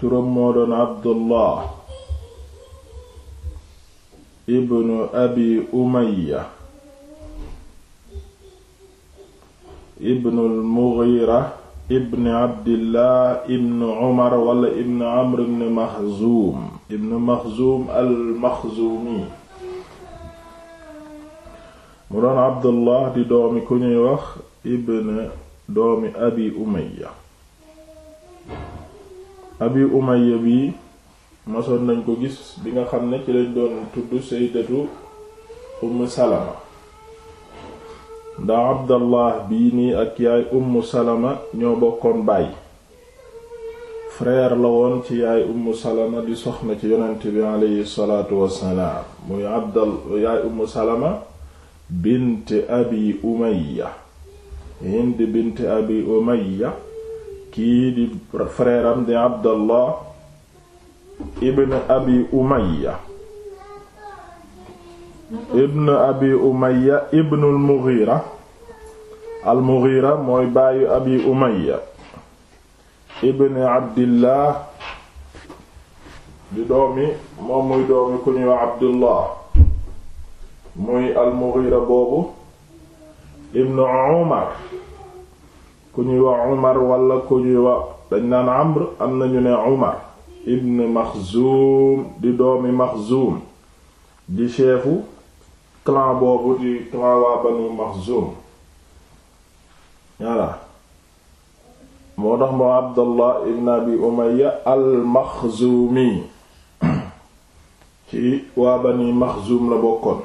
turam moo doon abdullah ibnu abi umaya ibnu almughira ibni abdillah ibnu umar wala ibnu amr ibni maxzuum ibnu maxzuum almaxzuumi mu doon abdullah di doomi ku ñuy wax ibn doomi abi umaya abi umayya bi masoon nañ ko gis bi nga xam ne ci lañ doon tudd sayyidatu umm salama ndax abdallah bii nii ak yaay umm salama ñoo bokkoon bàyyi frère la woon ci yaay umm salama di soxna ci yonent bi aleyhi salaatu wassalaam muy abdal yaay umm salama bint abi umayya hind bint abi umayya kii di frère am di abdallah ibn abi umaya ibn abi umaya ibn al mughira mooy baayu abi umaya ibn abdillah di doomi moom muy doomi ku ñuy abdullah muy al mughira boobu ibn umar ku ñuy wax Umar wala ku ñuy wax dañ naan Amr am nañu ne Umar ibn Maxzuum di doomi Maxzuum di chefu clan boobu di clan waa Banu Maxzuum voilà moo tax moo Abdallah ibn Abi Umayya al-Maxzuumi ci waa Bani Maxzuum la bokkoon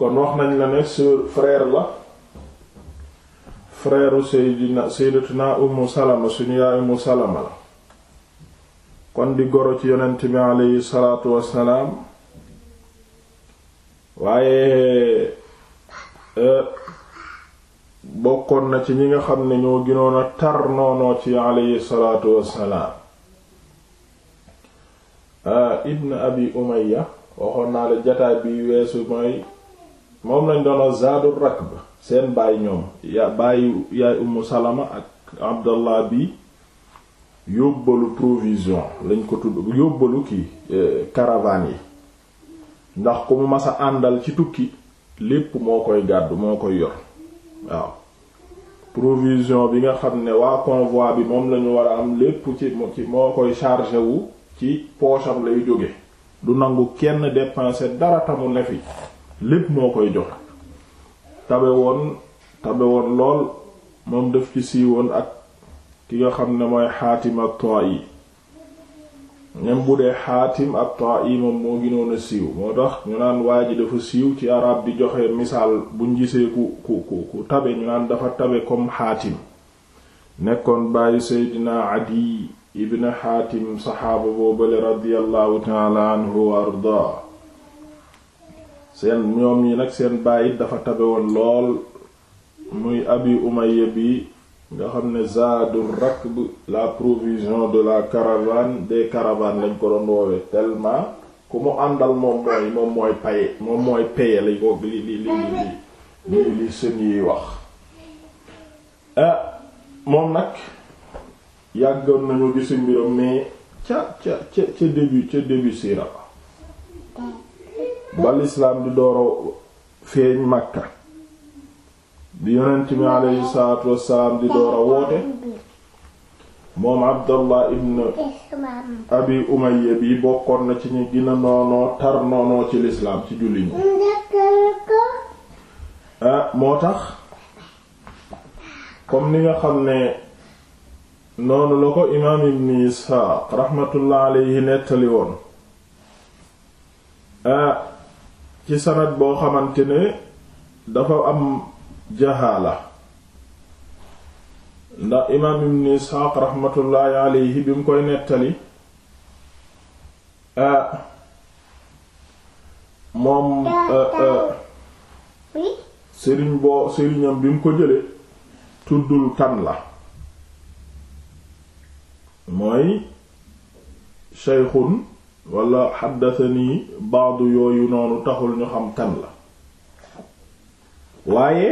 kon wax nañ la ne sœur frère la frère Seydina Sayyidatuna Ummu Salama suñu yaay Ummu Salama la kon di goro ci yonent bi aleyhi salaatu wassalaam waaye eh, bokkoon na ci ñi nga xam ne ñoo ginoon a tar noonoo ci aleyhi salaatu wassalaam ah, ibn abi Umayya waxoon naa la jataay bi weesu mooy moom lañ doon a zaadu rakb seen baay ñoom ya baayu yaay Ummu Salama ak Abdallah bi yóbbalu provision lañ ko tudd yóbbalu kii eh, caravane yi ndax ku mu mas àndal ci tukki lépp moo koy gàddu moo koy yor waaw provision bi nga xam ne waa convoi bi moom lañu war a am lépp ci moo koy chargé wu ci poche lay jóge du nangu kenn dépenser dara tamu ne fi lépp moo koy joxe tabe woon tabe woon lool moom daf ci siiwoon ak ki nga xam ne mooy xaatim at-Ta'i même bu dee xaatim at-Ta'i moom moo gënoon a siiw moo tax ñu naan waa ji dafa siiw ci arab di joxe misaal buñ gisee ku ku ku tabe ñu naan dafa tabe comme xaatim nekkoon bàyyi Seydina Adi ibn xaatim saxaaba boobale radiyallahu taala anhu wa ardaa seen ñoom yi nag seen bàyyit dafa tabe woon lool muy abi umayya bi nga xam ne zaadul rakb la provision de la caravane des caravanes lañ ko doon woowee tellement ku mu àndal moom mooy moom mooy paye moom mooy paye lañ ko li li li li li sën yi wax ah moom nag yàggoon nañu gisi mbiram mais ca ca ca ca début ca début sira ba lislaam di dooro feeñ Makka di yonent mi aleyhi salaatu wassalaam di dooro woote moom Abdallah ibn Abi Umayya bi bokkoon na ci ñi gën a tar noonoo ci lislaam ci julli ñi ah, moo tax comme ni nga xam ne noonu la ko imaam ibn Isxaaq raxmatullah aleyhi nettali woon ah, ci sanad boo xamante ne dafa am jahaala ndax imaam ibn Isxaaq raxmatullaahi alayhi bi mu koy nettali ah, moom ah, ah, sëriñ boo sëriñam bi mu ko jële tuddul kan la mooy shaykhun wala xaddathani baadu yooyu noonu taxul ñu xam kan la waaye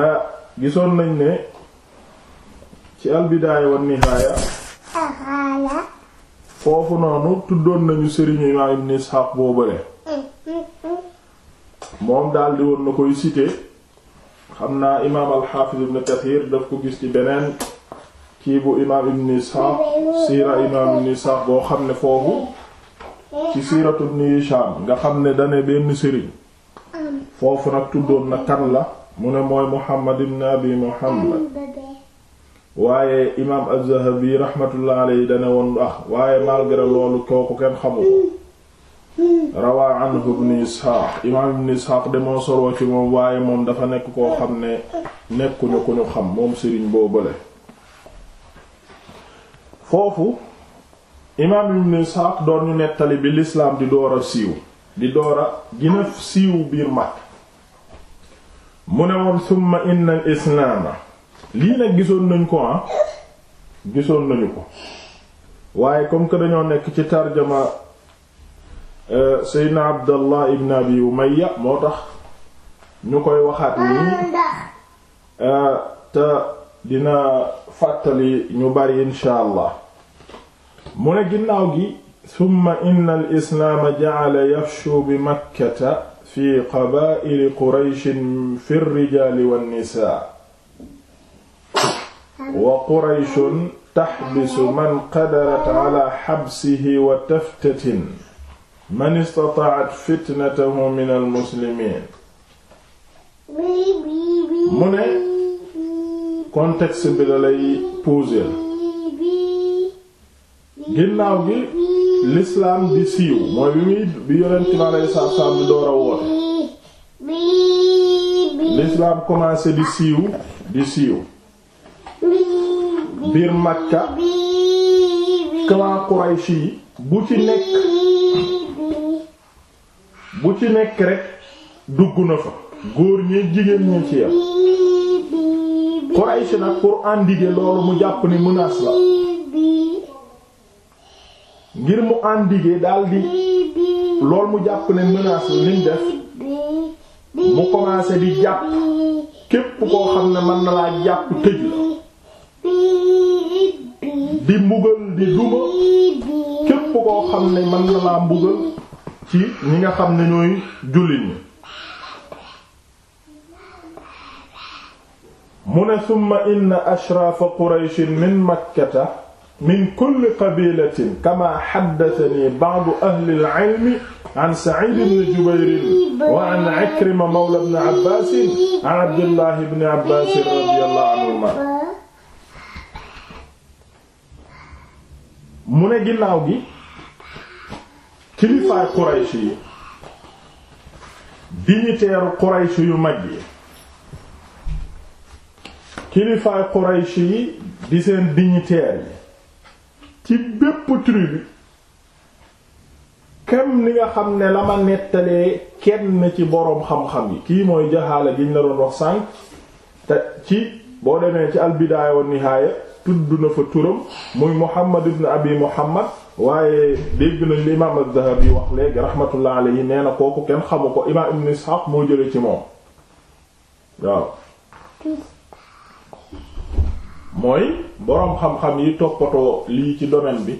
ah, gisoon nañ ne ci albidaaya wa foofu noonu tuddoon nañu sëriñu imaam ibn Isxaaq moom daldi woon na koy cité xam naa imaam alxaafiz ibn Kathir daf ko gis ci beneen kii bu imaam ibn Isxaaq siira imaam ibn Isxaaq boo xam ne foofu ci siiratu ibn Hishaam nga xam ne dane benn sëriñ foofu nag tuddoon na kan la mu ne mooy Muhammad ibn Abi Muhammad waaye imaam az-Zahabi rahmatullah alayhi dane woon du ah waaye malgré loolu kooku kenn xamu ko rawaa anhu ibn Isxaaq imaam ibn Isxaaq demoo soroo ci moom waaye moom dafa nekk koo xam ne nekkuñu ku ñu xam moom sëriñ boobale foofu imaam ibn Isxaaq doon ñu nettali bi lislaam di door a siiw di door a gina siiw biir mag mu ne woon summa inna islaama lii nag gisoon nañ ko ah gisoon nañu ko waaye comme que dañoo nekk ci tarjama euh, seydna abdallah ibn abi umayya moo tax ñu koy waxaat nii dina fàttali ñu bari insha allah mu ne ginnaaw gi summa inna al islaama jacala yafshu bi makkata fi qabaa'ili qurayshin fi rijaali wannisaa wa qurayshun taxbisu man qadarat cala xabsihi wa taftatin man istatacat fitnatahu min almuslimiin mu ne contexte bi la lay poser ginnaaw gi l'islam di siiw mooy bi muy bi yonent bi aleyhi salaatu salaam di door a woote l'islam commencé di siiw di siiw biir Makka clan Quraysh bu ci nekk bu ci nekk rek dugg na fa góor ñi jigéen ñi ci yam Quraysh nag pour endiguer loolu mu jàpp ni menace la ngir mu endiguer daldi loolu mu jàpp ne menace la niñ def mu commencé di jàpp képp koo xam ne mën na laa jàpp tëj la di mbugal di duma képp koo xam ne mën na laa mbugal ci ñi nga xam ne ñooy jullit ñi mu ne summa inna ashraafa qurayshin min makkata min kulli qabilatin kama xaddatani ba'du ahli al-ilmi an Saciid ibn Jubayr wa an Ikrima mawla ibn Abbaas an Abdullahi ibn Abbaas radiyallahu anhumaa mu ne ginnaaw gi kilifaay Quraysh yi dignitaire Quraysh yu mag yi kilifaay Quraysh yi di seen dignitaires yi ci bépp tribu kem li nga xam ne la ma nettalee kenn ci boroom xam-xam yi kii mooy jaxaala gi ñu la doon wax sànq te ci boo demee ci albidaaya wa nihaaya tudd na fa turam muy Muhammad ibn Abi Muhammad waaye dégg nañ li imaam az-Zahabi wax léegi rahmatullah alayhi nee na kooku kenn xamu ko imaam Ibn Ishaq moo jëlee ci moom waaw mooy boroom xam-xam yi toppatoo lii ci domaine bi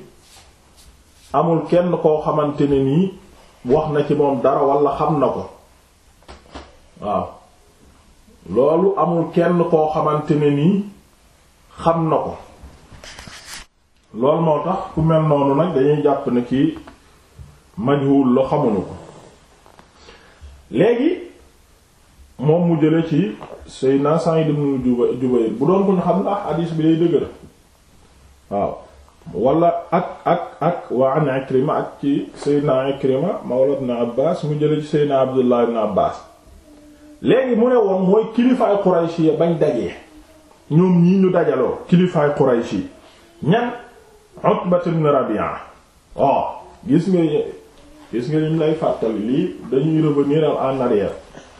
amul kenn koo xamante ne nii wax na ci moom dara walla xam na ko waaw loolu amul kenn koo xamante ne nii xam na ko loolu moo tax ku mel noonu nag dañuy jàpp ne kii majhul la xamuñu ko léegi moom mu jële ci Seydina Sa'id ibn Jubayr bu doon ko ñu xam ndax hadis bi day dëgër waaw wala ak ak ak wa an Ikrima ak ci Seydina Ikrima mawla ibn Abbas mu jële ci Seydina Abdullah ibn Abbas léegi mu ne woon mooy kilifaay Quraysh yi bañ dajee ñoom ñii ñu dajaloo kilifaay Quraysh yi ñan Rabi'a oh gis nga gis nga ñu lay fàttali lii dañuy revenir en arrière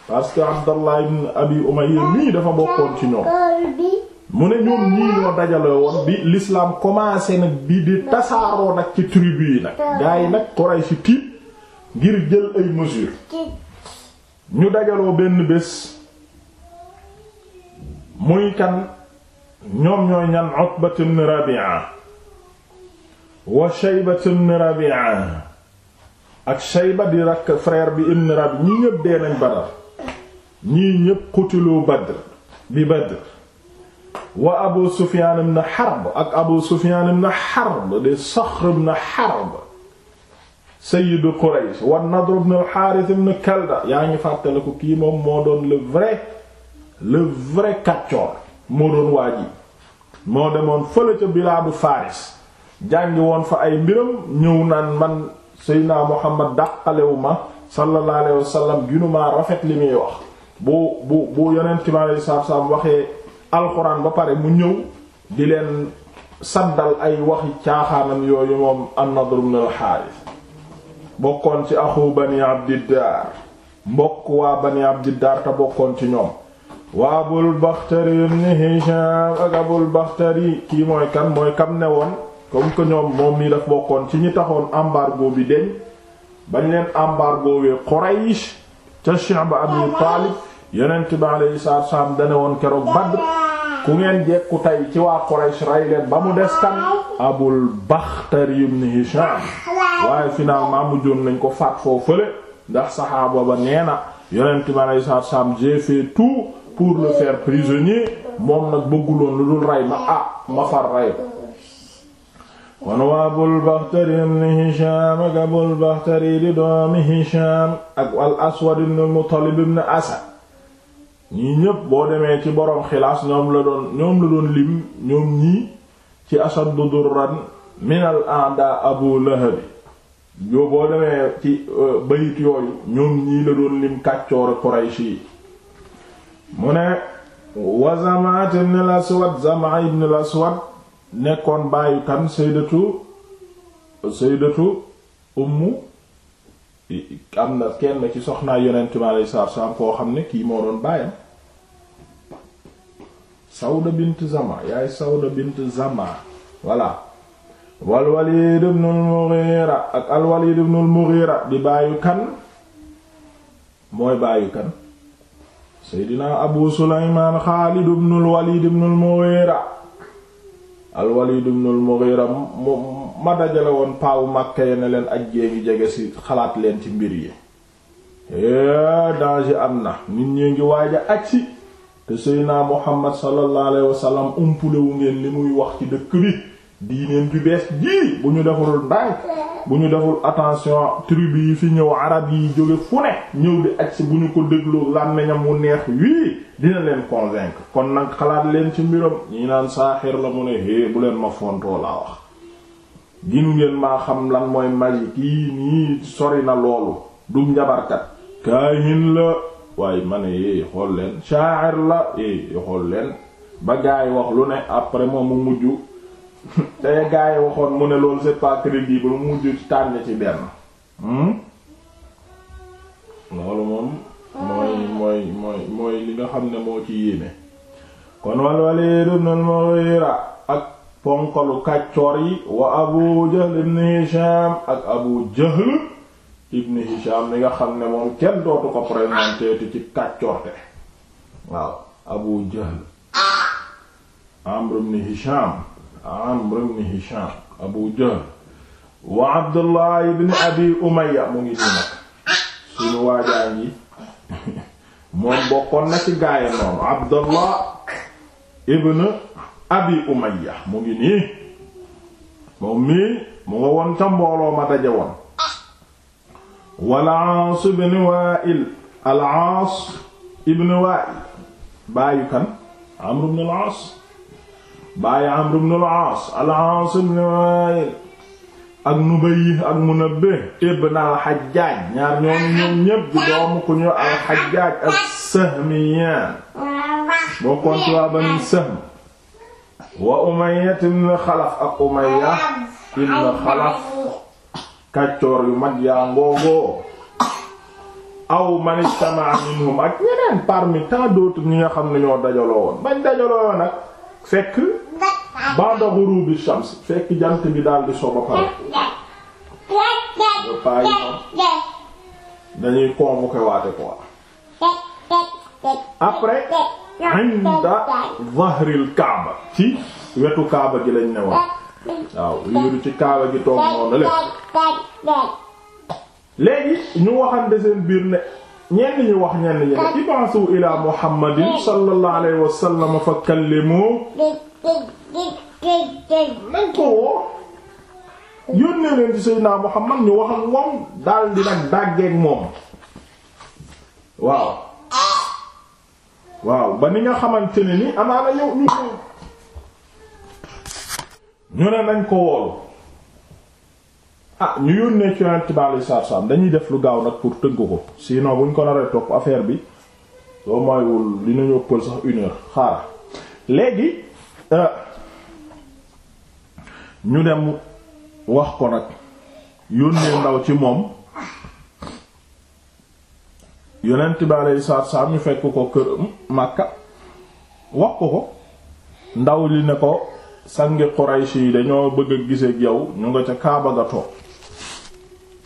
parce que Abdallah ibn Abi Umayya nii dafa bokkoon ci ñoom mu ne ñoom ñii ñoo dajale woon bi l'islam commencé nag bi di tasaaroo nag ci tribu yi nag gaa yi nag Quraysh tiit ngir jël ay mesures ñu dajaloo benn bés muy kan ñoom ñooy ñan Utba ibn Rabi'a wa Shayba ibn Rabi'a ak Shayba di rakk frère bi ibn Rabi'a ñi ñëpp dee nañ Badar ñii ñépp xutilu Badr bi Badr wa Abu Sufyaan ibn Harb ak Abu Sufyaan ibn Harb di Saxr ibn Harb sayyidu Quraysh wa Nadr ibn al-Harith Kalda yaa ngi fàttaliku kii moom moo doon le vrai le vrai kaccoor moo doon waa moo demoon fële ca bilaadu Faris jàngi woon fa ay mbiram ñëw naan man Seydina Muhammad dàqalewu ma sallallahu alayhi wa rafet li muy wax bu bu bu yonent bi aleyhi salaatu salaam waxee alxuraan ba pare mu ñëw di leen saddal ay waxi caaxaanam yooyu moom an na ibn al-Haaris bokkoon ci axu bani abdiddaar mbokk waa di abdiddaar te bokkoon ci ñoom waa Abul Baxtari ibn Hishaam ak Abul Baxtari kii mooy kan mooy kam ne woon comme que ñoom moom nii daf bokkoon ci ñi taxoon embargo bi deñ bañ leen embargo wee Quraysh ca Shi'b Abi Taalib yonent bi alayhi salaatu wa salaam dane woon keroog Badr ku ngeen jekku tey ci waa Quraysh rey ba mu des kan Abul Bakhtari ibn Hisham waaye finalement mujjoon nañ ko faat foofu fële ndax saxaaba ba nee na yonent bi alayhi salaatu wa salaam j'ai fait tout pour le faire prisonnier moom nag bëgguloon lu dul rey ma a ah, ma far rey kon waa Abul Bakhtari ibn Hisham ak Abul Bakhtari di doomi Hisham ak al Aswad ibn Muttalib ibn ñii ñépp boo demee ci boroom xilaas ñoom la doon ñoom la doon lim ñoom ñii ci ashaddu durran minal a'da abu lahabi boo demee ci euh, bayit yooyu ñoom ñii la doon lim kàccoor Quraysh yi mu ne wa Zam'a ibn al-Aswad Zam'a ibn al-Aswad nekkoon bàyyi kan sayyidatu sayyidatu ummu am na kenn ci soxnaa yonent mi alayhi salaatu koo xam ne kii moo doon bàyyam Sawda bint Zama yaay Sawda bint Zama voilà wal Walid ibn al-Mughira ak al Walid ibn al-Mughira di bàyyu kan mooy bàyyu kan Seydina Abu Sulaymaan Xaalid ibn al-Walid ibn al-Mughira al-Walid ibn al-Mughira mu ma dajale woon paawu Makka ya ne leen ak jéegi jege ci xalaat leen ci mbir yi eh, danger am na nit ñi ngi waaja agsi te Seydina Muhammad sallallahu alayhi wa sallam umpulewu ngeen li muy wax ci dëkk bi diineen ju bees jii bu ñu deful ndànk bu ñu deful attention tribu yi fi ñëw arab yi jóge fu ne ñëw di agsi bu ñu ko déglu làmmiñam wu neex wii dina leen convaincre kon nag xalaat leen ci mbiram ñi naan saaxir la mu ne hé bu leen ma fontoo laa wax ginu ngeen maa xam lan mooy magie kii nii sori na loolu du njabarkat kaahin la waaye ma ne yéey xool leen shaair la éy xool leen ba gaay wax lu ne après moom mu mujj tey gaa yi waxoon mu ne loolu c'est pas crédible mu mujj tànn ci benn hmm? loolu moom mooy mooy mooy li nga xam ne moo ci yéeme kon wal Walid ibn al-Mughira ak ponkalu kàccoor yi wa Abu Jahl ibn Hisham ak Abu Jahl ibn Hisham li nga xam ne moom kenn dootu ko présenté ci kàccoorte waaw Abu Jahl Amr ibn Hisham Amr ibn Hisham Abu Jahl wa Abdullah ibn Abi Umayya mu ngi nii nag suñu waajaa ngi moom bokkoon na ci gaaya noonu Abdullah ibn Abi Umayya mu ngi nii moom mii mu nga woon ca mbooloo ma daje woon wal Aas ibn Wa'il al Aas ibn Wa'il baayu kan Amr ibn al Aas bàyyi Amr ibn al-Aas al-Aas ibn Waa'il ak Nubay ak Munabbih ibn al-Hajjaj ñaar ñoom ñépp di doomu ku ñu al-Hajjaj as-Sahmiyyan bokkoon ci waa Banu Sahm wa Umayya ibn Xalaf ak Umayya ibn Xalaf kàccoor yu mag yaa ngoogoo aw man ijtama'a minhum ak ñeneen parmi tant d'autres ñi nga xam ne ñoo dajaloo woon bañ dajaloo nag fekk ba'da ghurubi shams fekk jant bi daal di so pare ba dañuy convoquer waate quoi après inda zahril kaaba ci wetu kaaba gi lañ ne woon waaw wéeru ci kaaba gi toog noonu lépp léegi ñu waxande seen biir ne ñenn ñi wax ñenn ñi ne ib'asu ila muhammadin sallallahu alayhi wa sallam fa kallimu nañ ko woo yónnee leen ci sayyidina muhammad ñu wax ak moom daal di nag dàggeek moom waaw waaw ba ni nga xamante ne ni amaana yow ñu ñu ne nañ ko woolu ah ñu yónnee ci yonent bi alayhi dañuy def lu gaaw nag pour tënk ko sinon buñ ko naree topp affaire bi soo mooywul dinañu ëppal sax une heure xaar léegi euh, ñu dem wax ko nag yónnee ndaw ci moom yonent bi alayhi salaatu ñu fekk ko kër Makka wax ko ko ndaw li ne ko sangi Quraysh yi dañoo bëgg a gisee ak yow ñu nga ca Kaaba ga toog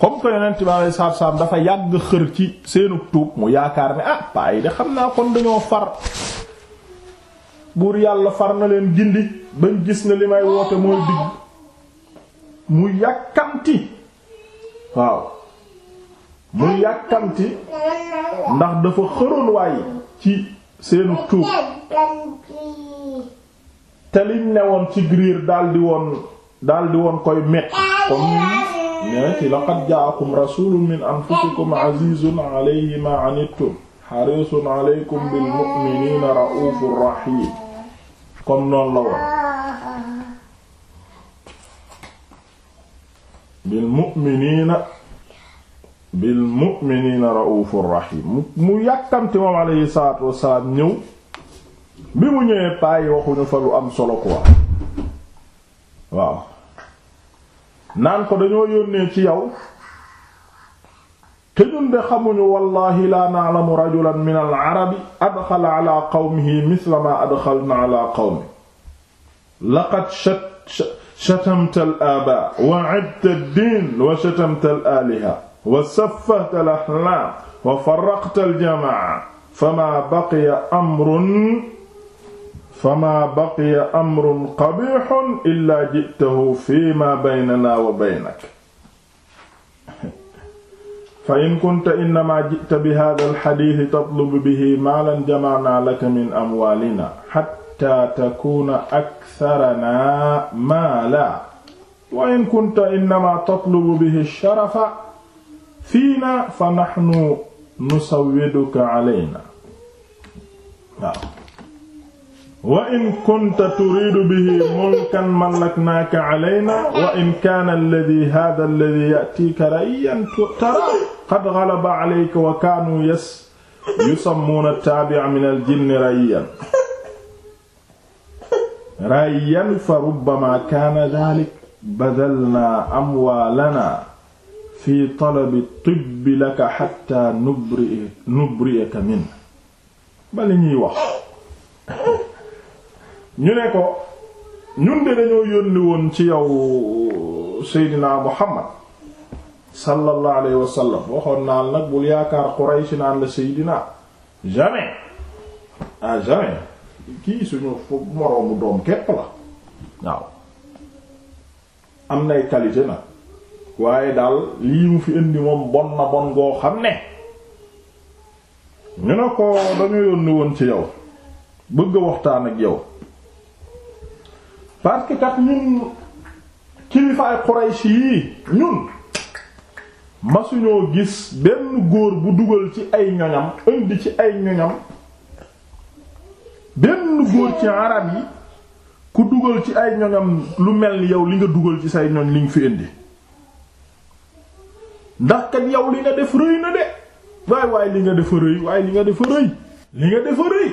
comme que yonent bi alayhi salaatu dafa yàgg xër ci seenu tuub mu yaakaar ni ah paa de xam naa kon dañoo far buur yàlla far na leen gindi bañ gis na li may woote mooy digg mu yàkkanti waaw mu yàkkamti ndax dafa xëroon waaye ci seenu tuub te liñ ne woon ci griir daldi woon daldi woon koy metti comme nee ci laqad jaakum rasulun min anfusikum azizun alayhi ma anittum harisun alaykum bil mu'minina rahim comme noonu la woon bil rahim mu yàkkamti moom alayhi salaatu wassalaam ñëw bi mu ñëwee payi waxuñu fa lu am solo naan ko dañoo yónnee ci yow te ñun de xamuñu wallahi la na'lamu rajulan min al arabi adxala ala qawmihi misla ma adxalna ala qawmi laqad shatamta al aba wa 'adta ad din wa shatamta al aliha wa saffahta al ahlam wa farraqta al jama'a fama baqiya amrun fama baqiya amrun qabixun illa jitahu fi ma baynana wa baynak fa in kunta innama jita bi hada alxaditi tatlubu bihi maalan jamana laka min amwaalina xatta takuna aktharana maala wa in kunta innama tatlubu bihi sharafa fiina fa naxnu nusawwiduka alayna waaw wa in kunta turiidu bihi mulkan mallaknaaka alaynaa wa in kaana alladii haadaa alladii ya'tiika ra'yan taraa qad ghalaba alayka wa kaanuu yas yusammuuna taabi'a min aljinni ra'yan ra'yan fa rubbamaa kaana dhaalika badalnaa amwaalanaa fi talabi tibbi laka hattaa nubri'aka minhu bali ñuy wax ñu ne ko ñun de dañoo yónni woon ci yow Seydina Muhammad sallallahu alayhi wa sallam waxoon nag bul yaakaar Quraysh naan la Seydina jamais ah jamais kii suñu moroomu doom képp la waaw am nay qualité nag waaye daal lii mu fi indi moom bon na bon goo xam ne ñu ne ko dañu yónni woon ci yow bëgg waxtaan ak yow parce que kat ñun kilifaay Quraysh yii ñun masuñoo gis benn góor bu dugal ci ay ñoñam indi ci ay ñoñam benn góor ci arab yi ku dugal ci ay ñoñam lu mel ni yow li nga dugal ci say ñoñ liñ nga fi indi ndax kat yow li nga def rëy na de waay waay li nga defa rëy waaye li nga defa rëy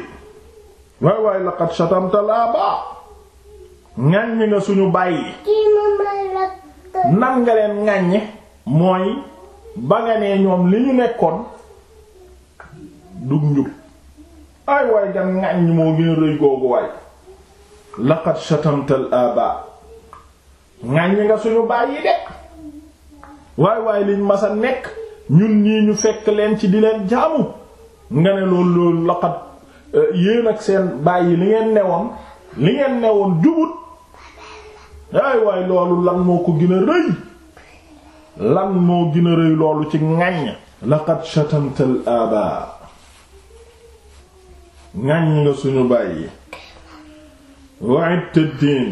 waay waay laqad shatamta ŋaññi nga suñu bàyyi nan nga leen mooy ba nga nee ñoom li ñu nekkoon dug njub ay waay gan ŋaññi moo gën a rëy googu waay laqad shatamtal aba ŋaññi nga suñu bàyyi de waay waay liñ mas a nekk ñun nii ñu fekk leen ci di leen jaamu nga ne loolu loolu laqad eh, yéen ak seen bàyyi li ngeen newoon li ngeen newoon jubut ay waay loolu lan moo ko gën a rëy lan moo gën rëy loolu ci ŋàññ laqad shatamtal aba ŋàññ nga suñu bàyyi wa'itta diin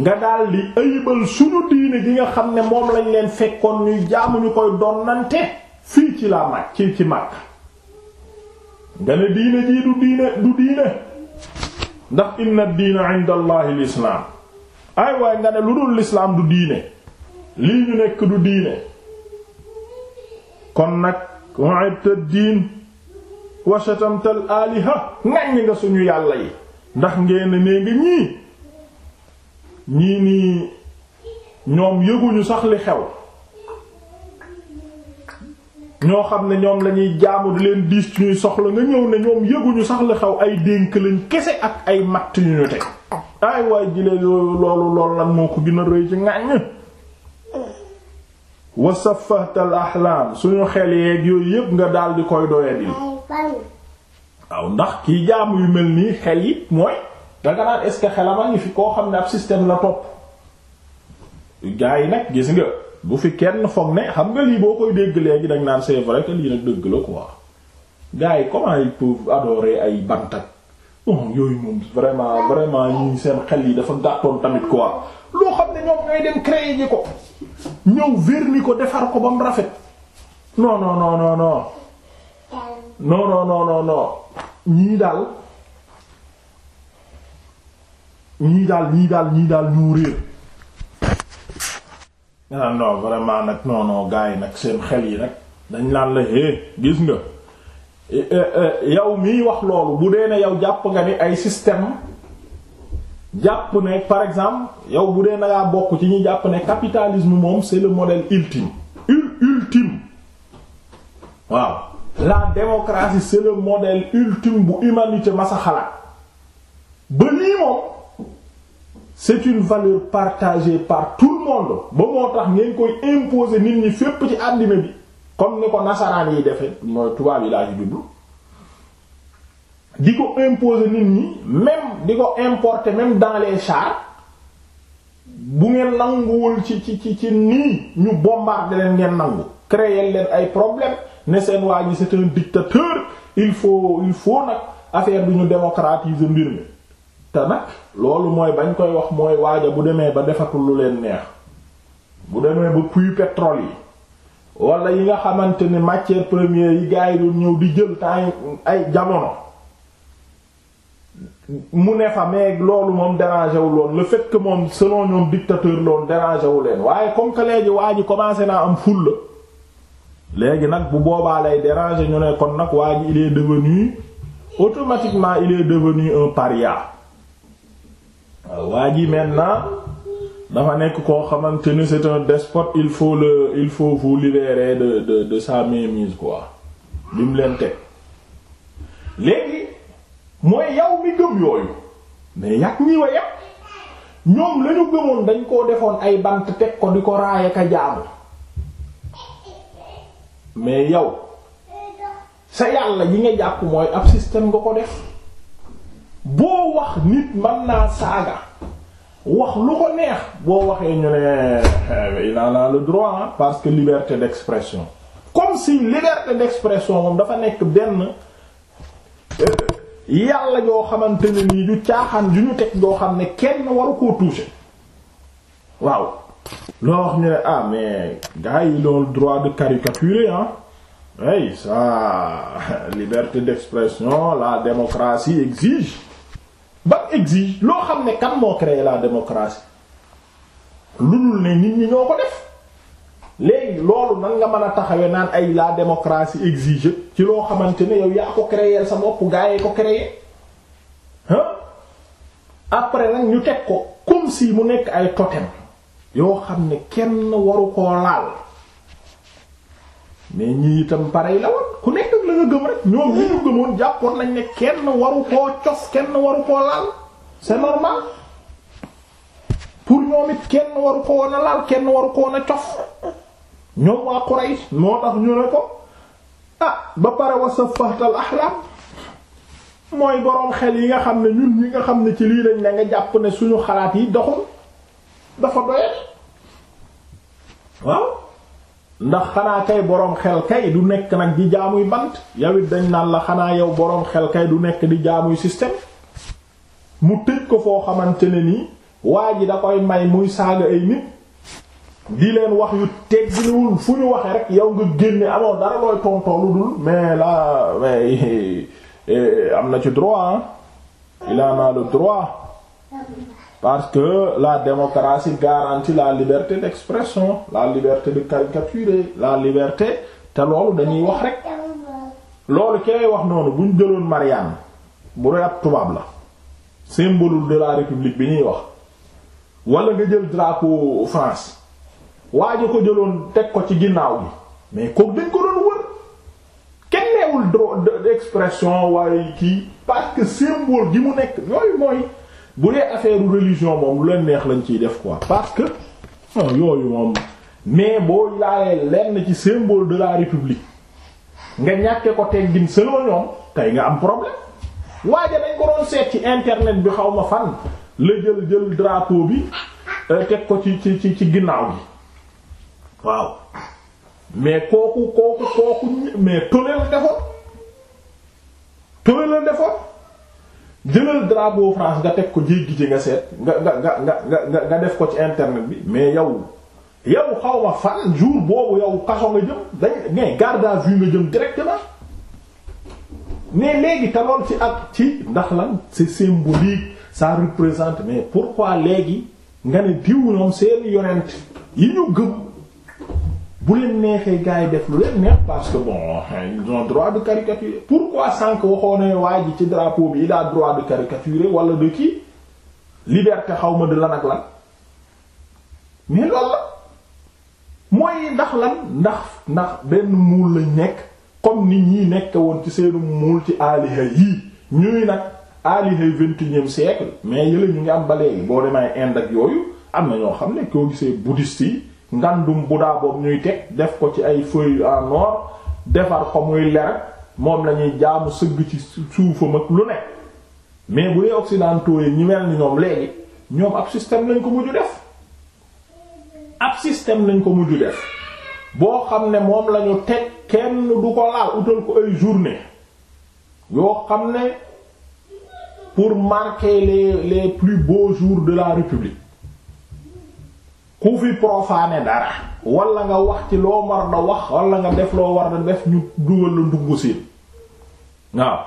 nga daldi ayibal suñu diine gi nga xam ne moom lañ leen fekkoon ñuy jaamu ñu koy donnante fii ci laa mag ci ci mag nga ne diine jii du diine du diine ndax inna diina inda allahi lislaam ay waaye nga ne lu dul lislaam du diine lii ñu nekk du diine kon nag wa'ibta diin wa shatamta al nga suñu yàlla yi ndax ngeen nee nga ñii ñii nii ñoom yëguñu sax li xew ñoo xam ne ñoom lañuy jaamu di leen diis ci ñuy soxla nga ñëw ne ñoom yëguñu sax la xaw ay dénk lañ kese ak ay matt yu ñu teg ay waaye jile loolu loolu lan moo ko gën a rëy ci ŋàññ wa safahtal ahlaam suñu xel yeeg yooyu yëpp nga daldi di koy doyadil waaw ndax kiy jaamu yu mel nii xel yi mooy danga naan est-ce que fi koo xam ne ab système la topp gaa yi nag gis nga bu fi kenn foog ne xam nga lii boo koy dégg léegi dañ naan c'est vrai que lii nag dëgg la quoi gars yi comment ils peuvent adorer ay bantak bon yooyu moom vraiment vraiment ñii seen xel yi dafa gàttoon tamit quoi loo xam ne ñoom ñooy dem créer ji ko ñëw verni ko defar ko ba mu rafet non non non non non non non non ñii daal ñii daal ñii daal ñii daal ñu réer naan ah, non vraiment nag non non yi nag seen xel yi nag dañ naan la hé eh, gis nga eh, eh, yow miy wax loolu bu dee ne yow jàpp nga ni ay système jàpp ne par exemple yow bu dee na ngaa bokk ci ñi jàpp ne capitalisme moom c'est le modèle ultime ultime waaw la démocratie c'est le ultime bu humanité masa xalaat ba lii moom c'est une valeur partagée par tout le monde ba moo tax ngeen koy imposer nit ñi fépp ci àddina bi comme ni ko nasaraan yi defe mooy tubaab yi laa ci jublu di ko imposer nit ñi même di ko importer même dans les chars bu ngeen nanguwul ci ci ci ci nii ñu bombarder leen ngeen nangu créer leen ay problèmes ne seen waa ji c'est un dictateur il faut il faut nag affaire bi ñu démocratiser mbir mi te nag loolu mooy bañ koy wax mooy waaja bu demee ba defatul lu leen neex bu demee ba puits pétrole yi wala yi nga xamante ni matière première yi gars yi doon ñëw di jël temps ay jamono mu ne fa mais loolu moom dérangé wu loon la fekk que moom selon ñoom dictateur loon dérangé wu leen waaye comme que léegi waa commencé naa am fulla léegi nag bu boobaa lay déranger ñu ne kon nag waa ji il est devenu automatiquement il est un paria waaw euh, waa ji maintenant dafa nekk koo xamante ni c'est un despote il faut le il faut vous libérer de de de sa mainmise quoi bi leen teg léegi mooy yow mi gëm yooyu mais yàq ñi wa yàq ñoom lañu gëmoon dañ koo defoon ay bant teg ko di ko raaya ka jaamu mais yow sa yàlla yi nga jàpp mooy ab système nga ko def boo wax nit man naa saaga wax lu ko neex boo waxee ñu ne eh, il le droit parce que liberté d'expression comme si liberté d'expression dafa nekk benn eh, yàlla joo xamante ne nii ju caaxaan ju ñu teg joo xam ne kenn waru koo toucher waaw loo wax ñu ne ah mais gars yi loolu droit de caricaturer ah ay ça liberté d'expression la démocratie exige ba exige loo xam ne kan moo créé la démocratie lu dul ne nit ñi ñoo ko def léegi loolu nan nga mën a taxawee naan ay la démocratie exige ci loo xamante ne yow yaa ko créer sa bopp gaa ko créer ah après nag ñu teg ko comme si mu nekk ay totem yoo xam ne kenn waru koo laal mais ñi itam yi la woon ku nekk nga gëm rek ñoom li ñu gëmoon jàppoon nañ ne kenn waru koo cos kenn waru koo laal c'est normal pour ñoom it kenn waru ko laal kenn waru ko woon a cof ñoom waa Quraysh moo tax ñu ne ko ah ba pare wa safaxtal ahlam mooy boroom xel yi nga xam ne ñun ñi nga xam ne ci lii lañ ne nga jàpp ne suñu xalaat yi doxul dafa doyal waaw ndax xanaa kay boroom xel kay du nekk nag di jaamuy bant yawit dañ naan la xanaa yow boroom xel kay du nekk di jaamuy système mu tëj ko foo xamante ne nii waa ji da koy may muy saaga ay nit di leen wax yu tegginuwul fu ñu waxee rek yow nga génne amoon dara looy tontoolu dul mais là mais eh, eh, am na ci droit il en a droit parce que la démocratie garantit la liberté d'expression la liberté de caricaturer la liberté te loolu dañuy wax rek loolu kay wax noonu bu ñu jëloon Marianne bu dee tubaab la symbole de la république bi ñuy wax wala nga jël drapeau France waa ko jëloon teg ko ci ginnaaw bi mais kooku dañ ko doon wër kenn neewul droit d'expression waaye kii parce que symbole gi mu nekk yooyu mooy. bu dee affaire religion moom lu leen neex lañ ciy def quoi parce que non yooyu moom mais boo laajee lenn ci symbole de la république nga ñàkkee ko teggin selon ñoom tey nga am problème waaye dañ ko doon seet ci internet bi xaw ma fan la jël jël drapeau bi euh, teg ko ci ci ci ginnaaw bi waaw mais kooku kooku kooku mais tolloo la defoon tolloo la defoon. jëlal drapeau France nga teg ko jéggi ji nga seet nga nga nga nga nga nga def ko ci internet bi mais yow yow xaw ma fan jour boobu yow kaso nga jëm dañ mais garde à vue nga jëm directement mais léegi taloon ci ak ci ndax lan c'est symbolique ça représente mais pourquoi léegi nga ne diw seeni seen yonent yi ñu gëm bu leen neexee gaa yi def lu leen neex parce que bon ils ont droit de caricaturer pourquoi sànq waxoo ne waa ji ci drapeau bi il a droit de caricaturer wala de kii liberté xaw ma de lan la lan mais loolu la mooy ndax lan ndax ndax benn muul lañ nekk comme ni ñi nekk woon ci seenu muul ci aliha yii ñuy nag aliha vingt et unième siècle mais yëla ñu ngi am ba léegi boo demay Inde ak yooyu am na ñoo xam ne koo gisee bouddhiste yi ngandum bu boobu ñuy teg def ko ci ay feuilles en or defar ko muy leret moom lañuy jaamu sëgg ci suufam ak lu ne mais bu dee occidentaux yi ñi mel ni ñoom léegi ñoom ab système lañ ko mujju def ab système lañ ko mujju def boo xam ne moom lañu teg kenn du ko laal utal ko ay journée yoo xam ne pour marquer le les plus beaux jours de la république ku fi profané dara wala nga wax ci loo war da wax wala nga def loo war da def ñu dugal la ndugg siin waaw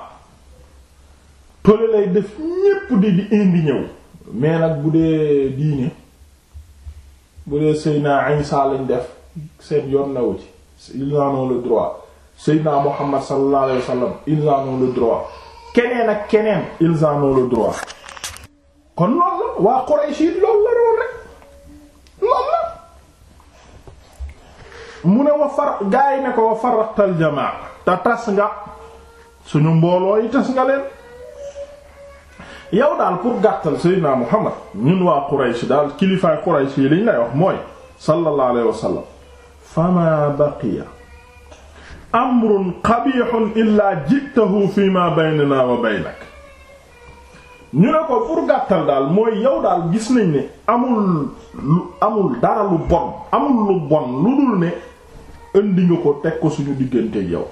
tole lay def ñépp di di indi ñëw mais nag bu dee diine bu dee naa Isa lañ def seen yoon nawu ci ils en ont le droit Seydina Muhammad sallallahu alayhi wa sallam droit keneen ak keneen ils en droit kon loolu la waa Quraysh loolu la rek mu ne wa far gaa yi ne ko wa faraxtal jamaa te tas suñu mbooloo yi tas leen yow daal pour gàttal seydinaa muhammad ñun waa quraysh daal kilifaay quraysh yi liñ lay wax mooy sallallahu alayhi wa sallam fama baqiya amrun qabihun illaa jitahu fi ma baynana wa baynak ñu ne ko pour gàttal daal mooy yow daal gis nañ ne amul amul dara lu bon amul lu bon lu dul ne indi nga ko teg ko suñu digganteeg yow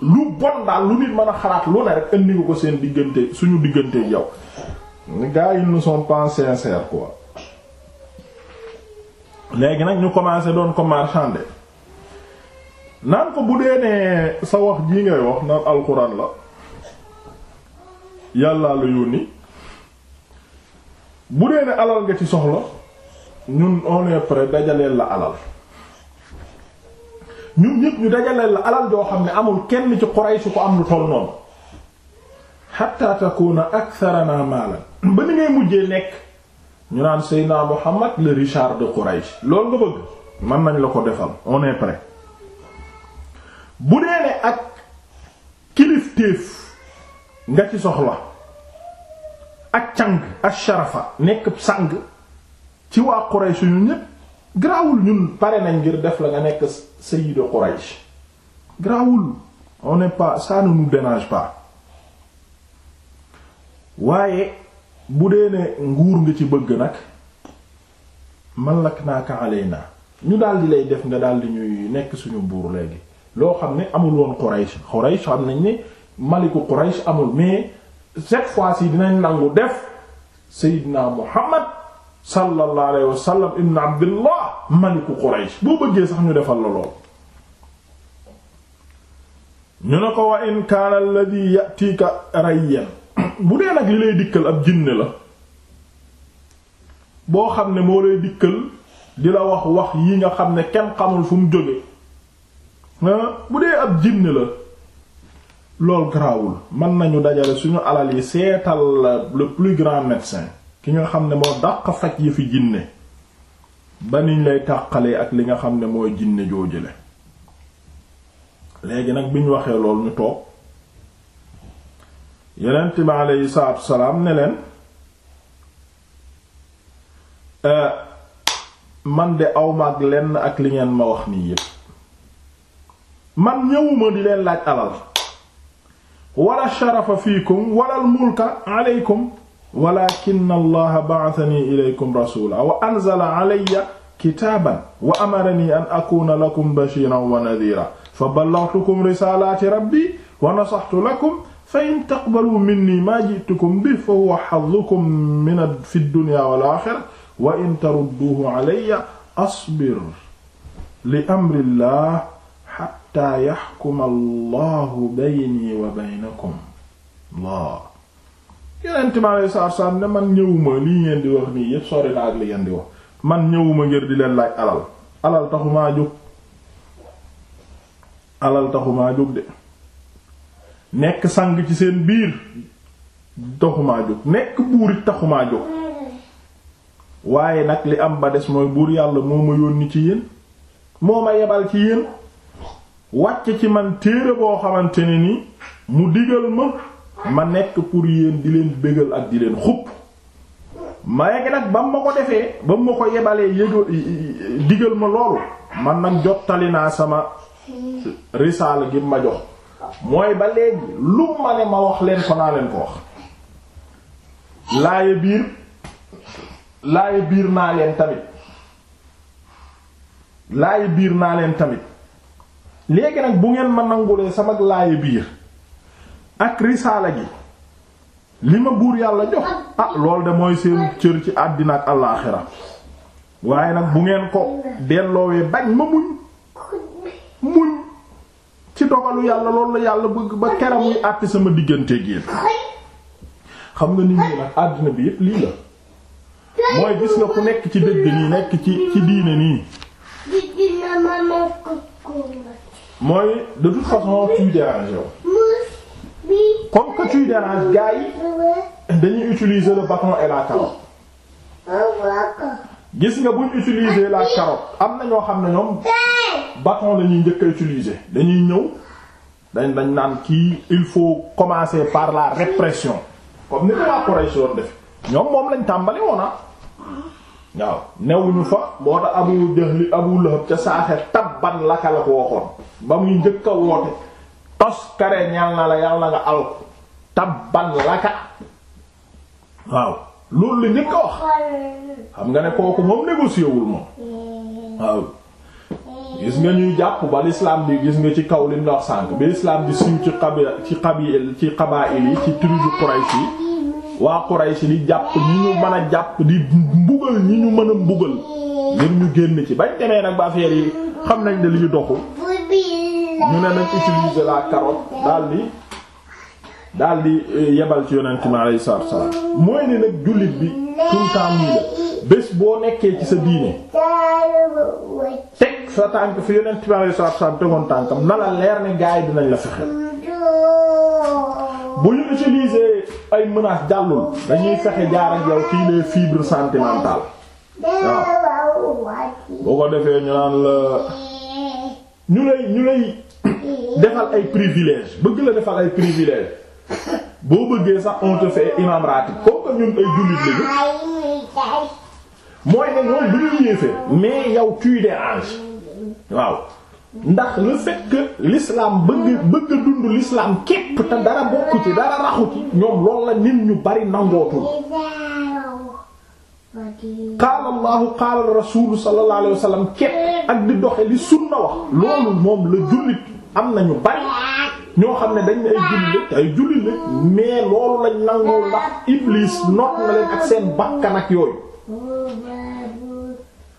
lu bon daal lu nit mën a xalaat lu ne rek indi nga ko seen diggante suñu digganteeg yow gars yi ne sont pas sincères quoi léegi nag ñu commencé doon ko marchander naan ko bu dee nee sa wax ji ngay wax naan alxuraan la yàllaa la yónni bu dee ne alal nga ci soxla ñun on est prêt dajaleel la alal ñu ñëpp ñu dajaleel la alal joo xam ne amul kenn ci Quraysh ko am lu toll noonu hatta takuna aktharana maalan ba ni ngay mujjee nekk ñu naan Seydina Muhammad le Richard de Quraysh loolu nga bëgg mën nañ la ko defal on est prêt bu dee ne ak kilifteef nga ci soxla ak càng ak sharafa nekk sang ci waa Quraysh ñu ñëpp garaawul ñun pare nañ ngir def la nga nekk sayyidu Quraysh grawul on n'est pas ça ne pas waaye bu dee ne nguur nga ci bëgg nag man malak naaka alayna ñu daal di lay def nga daal di ñuy nekk suñu buur léegi loo xam ne amul woon Quraysh Quraysh xam nañ ne maliku Quraysh amul mais chaque fois-ci dinañ nangu def Seydina Muhammad sallallahu alayhi wa sallam ibn abdillah maliku quraysh boo bëggee sax ñu defal la lool ñu ne ko wa in kaana alladhi ya'tika rayyan bu dee nag li lay dikkal ab jinne la boo xam ne moo lay dikkal di la wax wax yi nga xam ne kenn xamul fu mu jóge bu dee ab jinne la lool garaawul mën nañu dajale suñu alal yi seetal la le plus grand médecin ki nga xam ne moo dàq faj yi fi jinne ba niñ lay tàqalee ak li nga xam ne moo jinne joo jële léegi nag bi ñu waxee loolu ñu toog yonent bi aleyhi salaatu salaam ne leen man de awma ak lenn ak li ngeen ma wax nii yépp man ñëwuma di leen laaj alal wala sharafa fiikum wala mulka aleykum walakin allah ba'athani ilaykum rasula wa anzala alayya kitaaban wa amarani an akuna lakum bashiran wa nadhira fa ballaghtukum risalati rabbi wa nasaxtu lakum fa in taqbalu minni ma ji'tukum bi fa huwa hadhukum min fi dunya wal akhirah wa in tarudduhu alayya asbir li amri llah hatta yahkuma allahu bayni wa baynakum allah yeneen timaale saar saar ne man ñëwuma lii ngeen di wax nii yépp sori ak li ngeen di wax man ñëwuma ngir di leen laaj alal alal taxumaa jóg alal taxumaa jóg de nekk sang ci seen biir taxumaa jóg nekk buurit taxumaa jóg waaye nag li am ba des mooy buur yàlla moo ma yónni ci yéen moo ma yebal ci yéen wàcc ci man téere boo xamante ne ni mu digal ma ma nekk pour yéen di leen bégal ak di leen xupp ma yegg nag ba mu ma ko defee ba mu ma ko yebalee yëg digal ma loolu man nag jottali naa sama risaala gi ma jox mooy ba léegi lu ma ne ma wax leen ko naa leen ko wax laaye biir laaye biir naa leen tamit laaye biir naa leen tamit léegi nag bu ngeen ma nangulee sama laaye biir ak risaala gi li ma buur yàlla jox ah lool de mooy seen cër ci àddina ak alaaxira waaye nag bu ngeen ko delloowee bañ ma muñ muñ ci dogalu yàlla loolu la yàlla bëgg ba keram muy sama diggante génn xam nga nit ñi nag àddina bi yépp lii la mooy gis nga ku nekk ci dëgg nii nekk ci ci diine nii mooy de toute façon tu déranges comme que tu déranges gars ah dañuy utiliser le bâton et ah, gis nga buñ utiliser la carotte am na ñoo xam ne ñoom bâton la ñuy njëkk a dañuy ñëw dañ dañ naan kii il faut commencer par la répression comme ni ko waa Quraysh def ñoom moom lañ tàmbali woon ah waaw newuñu fa boo tax Abu Jahl Abu Lahab ca saaxe tabban laka la ko waxoon ba muy njëkk a woote. toskare ñal na la yàlla nga alku tabban laka waaw loolu la njëkk a wax xam nga ne kooku moom négocié moom waaw gis nga ñuy jàpp ba l'islam bi gis nga ci kaw li ndox sànk bi islam di siw ci xab ci xabil ci xabaa'il yi ci tribu Quraysh yi waa Quraysh di jàpp ñi ñu mën a jàpp di mbugal ñi ñu mën a mbugal ngir ñu génn ci bañ demee nag ba yi xam nañ ne li ñu doxul ñu ne nañ utiliser la carotte daal di eh, yebal ci yonent mi alayhi salaatu mooy ne nag jullit bi tout le temps bés boo nekkee ci sa diine teg sa tànk fi yonent tegoon tànkam na la leer ne gaay dinañ la fexe bu ñu utiliser ay menaces jàllul dañuy fexe jaar ak yow fii les fibres boo ko defee ñu naan la ñu lay ñu lay. defal ay privilège bëgg la defal ay privilège boo bëggee sax on te fait imam ratib comme que ñun ay jullit lañu mooy ne ñoom du ñu yéefee mais yow tuy dérange waaw ndax le fait que bëgg bëgg a dund képp te dara bokku dara raxu ñoom loolu la nit ñu bari nangootul qaala allahu qaala rasulu sallallahu wa sallam képp ak di doxe li sunna wax loolu moom la jullit am nañu ñu bari ñoo xam ne dañ ne ay jullit ay jullit la mais loolu lañ nangoo ndax iblis not na leen ak seen bakkan ak yooyu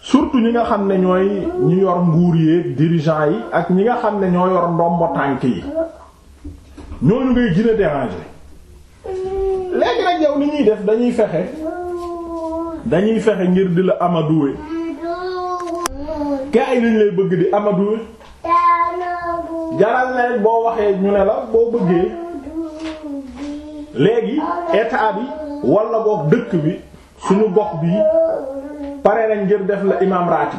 surtout ñi nga xam ne ñooy ñi yor nguur yeeg dirigeants yi ak ñi nga xam ne ñoo yor ndombo tànk yi ñooñu ngay gën a déranger nag yow li ñuy def dañuy fexe dañuy fexe ngir di la amadoué gaa yi lay bëgg di amadoué. jaral na leen boo waxee ñu ne la boo bëggee léegi état bi na boog dëkk bi suñu gox bi pare na ngir def la imam raati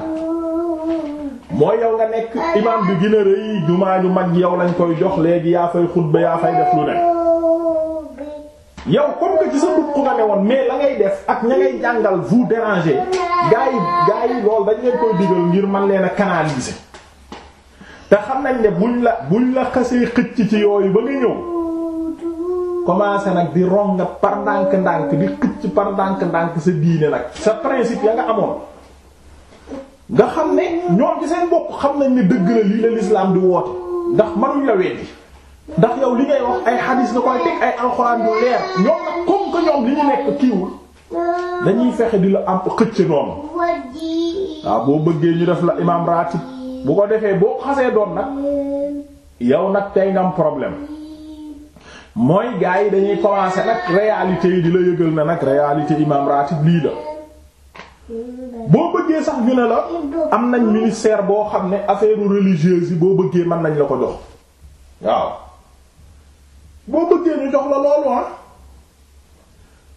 mooy yow nga nekk imam bi gën a rëy jumaa ju mag yow lañ koy jox léegi yaa fay xutba yaa fay def lu ne yow comme que ci sa dugg nga ne woon mais la ngay def ak ña ngay jàngal vous déranger gars yi gars dañ leen koy digal ngir man leen a canaliser te xam nañ ne buñ la buñ la xasee xëcc ci yooyu ba nga ñëw commencé nag di ronga par ndànk-ndànk di xëcc par ndànk-ndànk sa diine nag sa principe ya nga amoon nga xam ne ñoom ci seen bokk xam nañ ni dëgg la lii la l'islam di woote ndax mënuñ la weddi ndax yow li ngay wax ay xadiis nga koy teg ay alxuraan yu leer ñoom nag comme que ñoom li ñu nekk kiiwul dañuy fexe di la am xëcc noonu waa boo bëggee ñu def la imam ratib bu ko defee boo xasee doon nag yow nag tey problème mooy gars yi dañuy commencer nag réalité yi di la yëgal na nag réalité imam ratib lii la boo bëggee sax ñu ne la am nañ ministère boo xam ne affaire religieuse yi boo bëggee man nañ la ko jox waaw boo bëggee ñu jox la loolu ah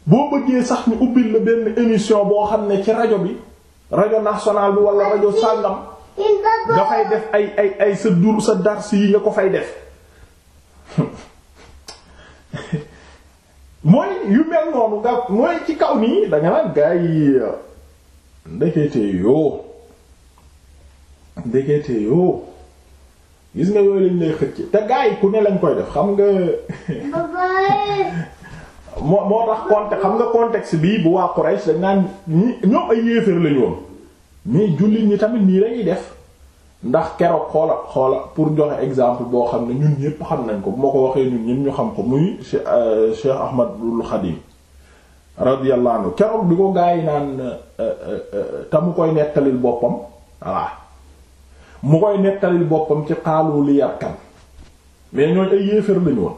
boo bëggee sax ñu ubbil la benn émission boo xam ne ci rajo bi rajo nationale bi wala rajo sàngam nga fay def ay ay ay sa dur sa dars yi nga ko fay def mooy yu mel noonu nga mooy ci kaw nii danga naan gaa yi ndekete yoo ndekete yoo gis nga yooyu lañ lay xëcc te gaa yi ku ne lañ koy def xam nga moo moo tax contexte xam nga contexte bii bu waa Quraysh dañ naan ñoom ay yéefar lañu mais jullit ñi tamit nii lañuy def ndax keroog xoola xoola pour joxe exemple boo xam ne ñun ñëpp xam nañ ko bu ma ko waxee ñun ñun ñu xam ko muy euh, Cheikh Ahmadul Xadim radiyallahu anhu keroog bi ko gaa naan euh, euh, te mu koy nettalil boppam voilà mu koy nettalil boppam ci xaalu li yàkkan mais ñooñ ay yéefar lañu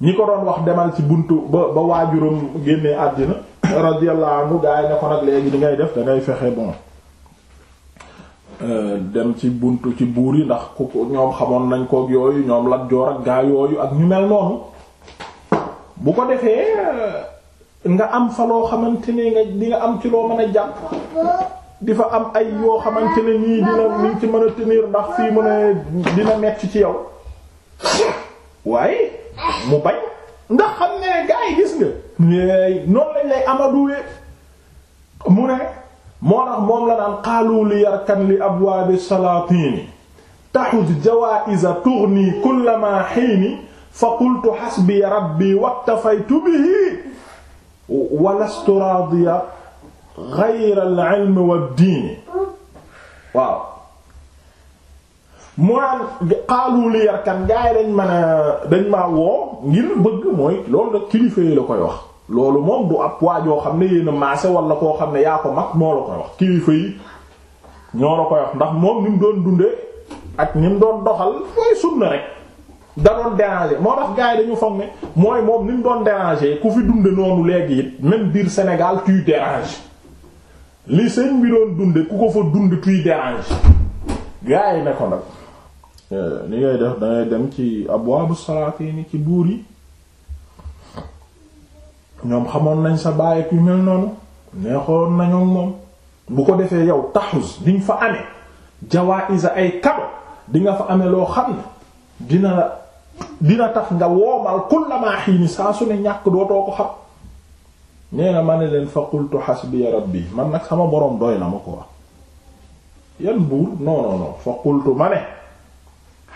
ñi ko doon wax demal ci buntu ba ba waajuram génnee àddina radiyallahu anhu gaa yi ne ko nag léegi di ngay def dangay fexe bon euh, dem ci bunt ci buur yi ndax ku ñoom xamoon nañ kook yooyu ñoom Lat Joor ak gaa yooyu ak ñu mel noonu bu ko defee euh, nga am fa loo xamante ne nga di nga am ci loo mën a jàpp di fa am ay yoo xamante ne nii dina niñ ci mën a tenir ndax fii mu ne dina metti ci yow waaye mu bañ ndax xam ne ne gaa yi gis nga noonu lañ lay amaduwe mu ne moo tax moom la naan xaalu li yarkan li abwaabi salaatini taxut jawaaiza tughni kullama xiini fa qultu xasbiya rabbi waktafaytu bihi walastu raadiya gayra al ilmi wa diini waaw mu naan li yarkan gars yi dañ mën a dañ maa woo ngir bëgg mooy loolu nag kilifa yi la koy wax loolu moom du ab waajoo xam ne yéen a maase koo xam ne yaa ko mag moo la koy wax kilifa yi ñoo la koy wax ndax moom ni mu doon dundee ak ni mu doon doxal mooy sunna rek da doon déranger moo tax gars yi dañu foog ne mooy moom ni mu doon déranger ku fi dundee noonu léegi it même biir Sénégal tuy dérange li sëñ bi doon dunde ku ko fa dund tuy dérange gars yi ne ko nag Euh, ni ngay def dangay dem ci abwaabu salaatini ci buur yi ñoom xamoon nañ sa baay ak yu mel noonu neexoon nañu moom bu ko defee yow taxus di fa amee jawaïsa ay kado di nga fa amee loo xam ne dina dina tax nga woomal kullamaa xiini saa su ne ñàkk dootoo ko xam nee ma ne leen fa qultu yarab bi man nag sama boroom doy na ma ko wax yan buur non fa qultu ma ne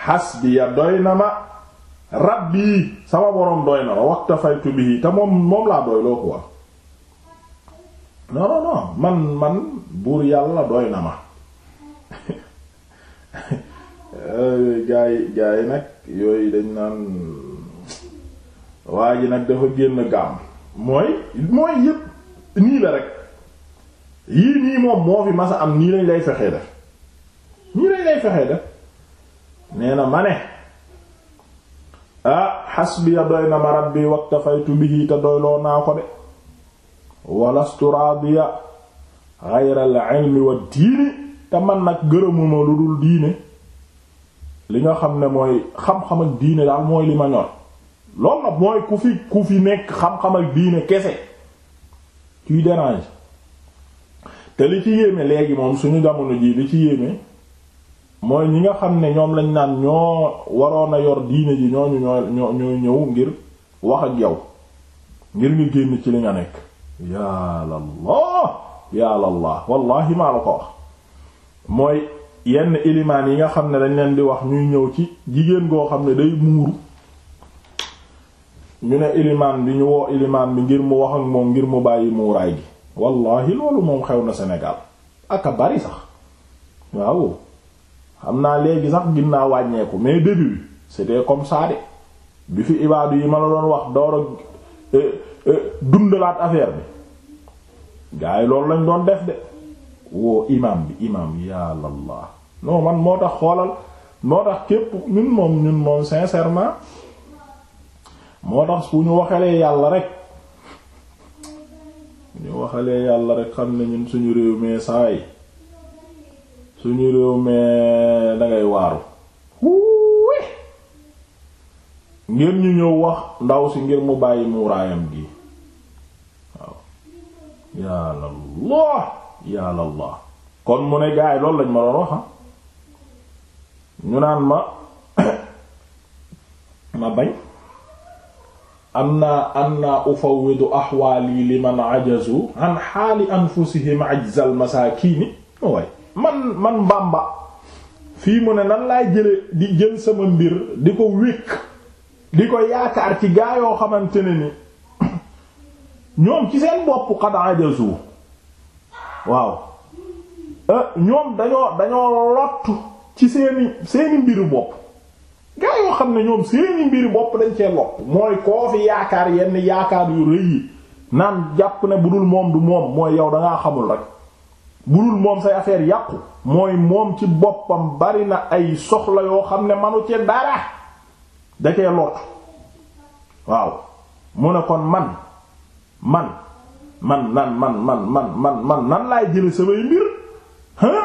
hasbiya doy na ma rabbi sama borom doy na ma waktafaytu bihi te moom moom laa doy loo ko wax non non non man man buur yàlla doy na ma gaa yi gaa yi nag yooyu dañ naan waa ji nag dafa génn gaam mooy mooy yépp nii la rek yii nii moom moo fi masa am nii lañ lay fexee def nii lañ lay fexee def nee na ma ne ah xasbiya doy na ma rabbi waktafaytu bihi te doyloo naa ko de walastu raadiya ghayra al-ilmi wa diini te man nag gërëmuma lu dul diine li nga xam ne mooy xam-xam ak diine daal mooy li ma ñor loolu nag mooy ku fi ku fi nekk xam-xam ak diine kese tuy dérange te li ci yéeme léegi moom suñu jamono ji li ci yéeme mooy ñi nga xam ne ñoom lañ naan ñoo waroon a yor diine ji ñooñu ñoo ñoo ñëw ngir wax ak yow ngir nga génn ci li nga nekk yàllallah yàllallah wallahi maa la ko wax mooy yenn ilimaan yi nga xam ne dañ leen di wax ñuy ñëw ci jigéen goo xam ne day muuru ñu ne ilimaan bi ñu woo ilimaan bi ngir mu wax ak moom ngir mu bàyyi muuraay gi wallahi loolu moom xew na Sénégal aka bari sax waaw xam naa léegi sax ginnaaw wàññeeku mais début bi c'était comme ça de bi fi ibaadu yi ma la doon wax door a eh, eh, dundalaat affaire bi gars yi loolu lañ doon def de woo imam bi imam yàlla allah non man moo tax xoolal moo tax képp ñun moom ñun moom sincèrement moo tax su ñu waxalee yàlla rek ñu waxalee yàlla rek xam ne ñun suñu réew mi saa yi suñu réew mee dangay waaru wuuwe ngir ñu ñëw wax ndaw si ngir mu bàyyi muuraayam gi waaw yàlla loo yàlla loo kon mu ne gaay loolu lañ ma doon wax ñu naan ma ma bañ am naa am naa ufawwidu ahwaali liman ajazu an xaali anfusihim ajzal masaakiini waaye man man mbamba fii mu ne nan laay jële di jël sama mbir di ko wékk di ko yaakaar ci gaa yoo xamante ne ni ñoom ci seen bopp xanaa jësu waaw eh, ñoom dañoo dañoo lottu ci seeni seeni mbiru bopp gaa xam ne ñoom seeni mbiru bopp dañ cee lopp mooy koo fi yaakaar yenn yaakaar yu rëy yi naan jàpp ne bu dul moom du moom mooy yow dangaa xamul rek bu dul moom say affaire yàqu mooy moom ci boppam bari na ay soxla yoo xam ne manu ci dara da cee lott waaw mu ne kon man man man nan man man man man man nan laay jële samay mbir hein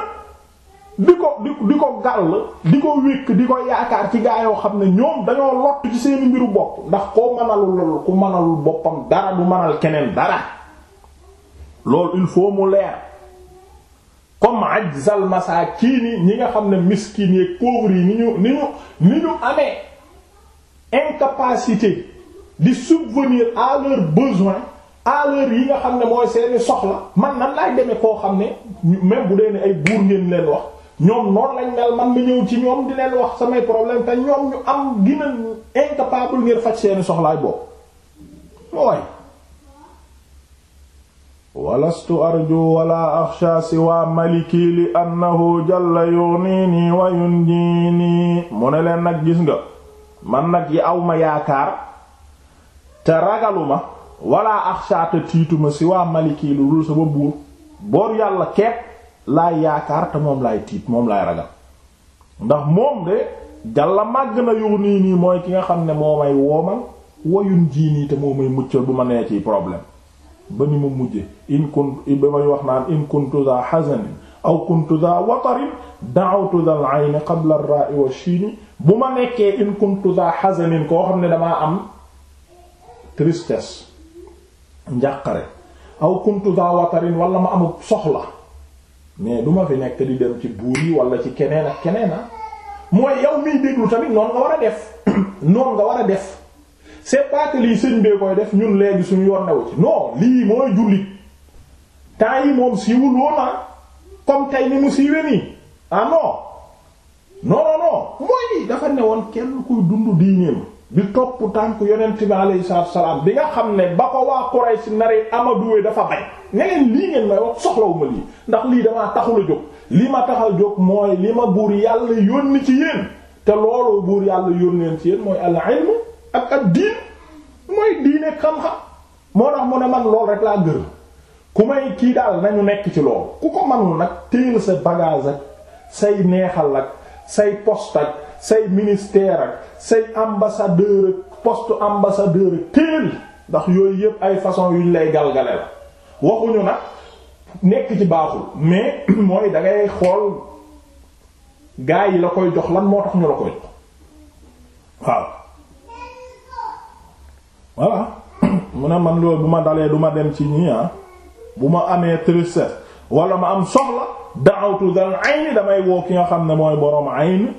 di ko di ko gàll di ko wékk di ko yaakaar ci gaa yoo xam ne ñoom dañoo lott ci seeni mbiru bopp ndax koo mënalul ku mënalul boppam dara du mënal keneen dara loolu il faut mu leer comme ajzal masaakiini ñi nga xam ne miskin yeeg pauvre yi ni ñu ni ñu ni ñu amee incapacité di subvenir à leurs besoins à yi nga xam ne mooy seeni soxla man nan laay demee koo xam ne même bu dee ne ay buur ngeen leen wax ñoom noonu lañ mel man mu ñëw ci ñoom di leen wax samay problème te ñoom ñu am gina incapable ngir faj seeni soxlaay boobu. walastu arju wala axsha siwa maliki li annahu jalla yughnini wa yunjini mu ne leen nag gis nga man nag yi awma yaakaar te ragaluma wala axsha te tiituma siwa maliki lu dul sama buur boor yàlla kepp laay yaakaar te moom laay tiit moom laay ragal ndax moom de jàlla màgg na yughnini mooy ki nga xam ne moo may woomal wa yunjini te moo may muccal bu ma nee ci problème ba ni mu mujje in kuntu ba may wax naan in kuntu za hazanin aw kuntu za watarin da'awtu za al qabla ar wa shiini bu ma nekkee in kuntu za hazanin koo xam ne damaa am tristesse njàqare aw kuntu za watarin wala ma amul soxla mais ma fi nekk di dem ci buur yi wala ci keneen ak keneen ah. mooy yow miy déglu tamit noonu nga war def c'est pas que lii def ñun léegi suñu yoon newu ci non lii mooy jullit temps yi moom siiwul woon ah comme tey ni mu siiwee nii ah non non mooy dafa newoon kenn kuy dund diineem bi topp tànk yonent bi alayhi salaatu salaam bi nga xam ne ba ko waa Quraysh naree Amadou leen lii ngeen may wax soxlawu lii ndax lii damaa taxul jóg li ma tax a jóg mooy li ma buur yàlla yónni ci yéen te loolu buur yàlla yónni ci yéen mooy al-ilm ak ak diin mooy diine xam-xam moo tax mu ne man lool rek laa gërëm ku may kii daal nañu nekk ci loolu ku ko manul nag téel sa bagage ak say neexal ak say poste ak say ministère ak say ambassadeur ak poste ambassadeur ak téel ndax yooyu yépp ay façon yuñ lay galgale la waxuñu nag nekk ci baaxul mais mooy da xool gaa yi la koy jox lan moo tax ñu la koy jox waaw voilà mu ne man loolu bu ma dalee du ma dem ci ñi ah bu ma amee tristesse wala ma am soxla da'awtu dal ayni damay woo ki nga xam ne mooy borom ayn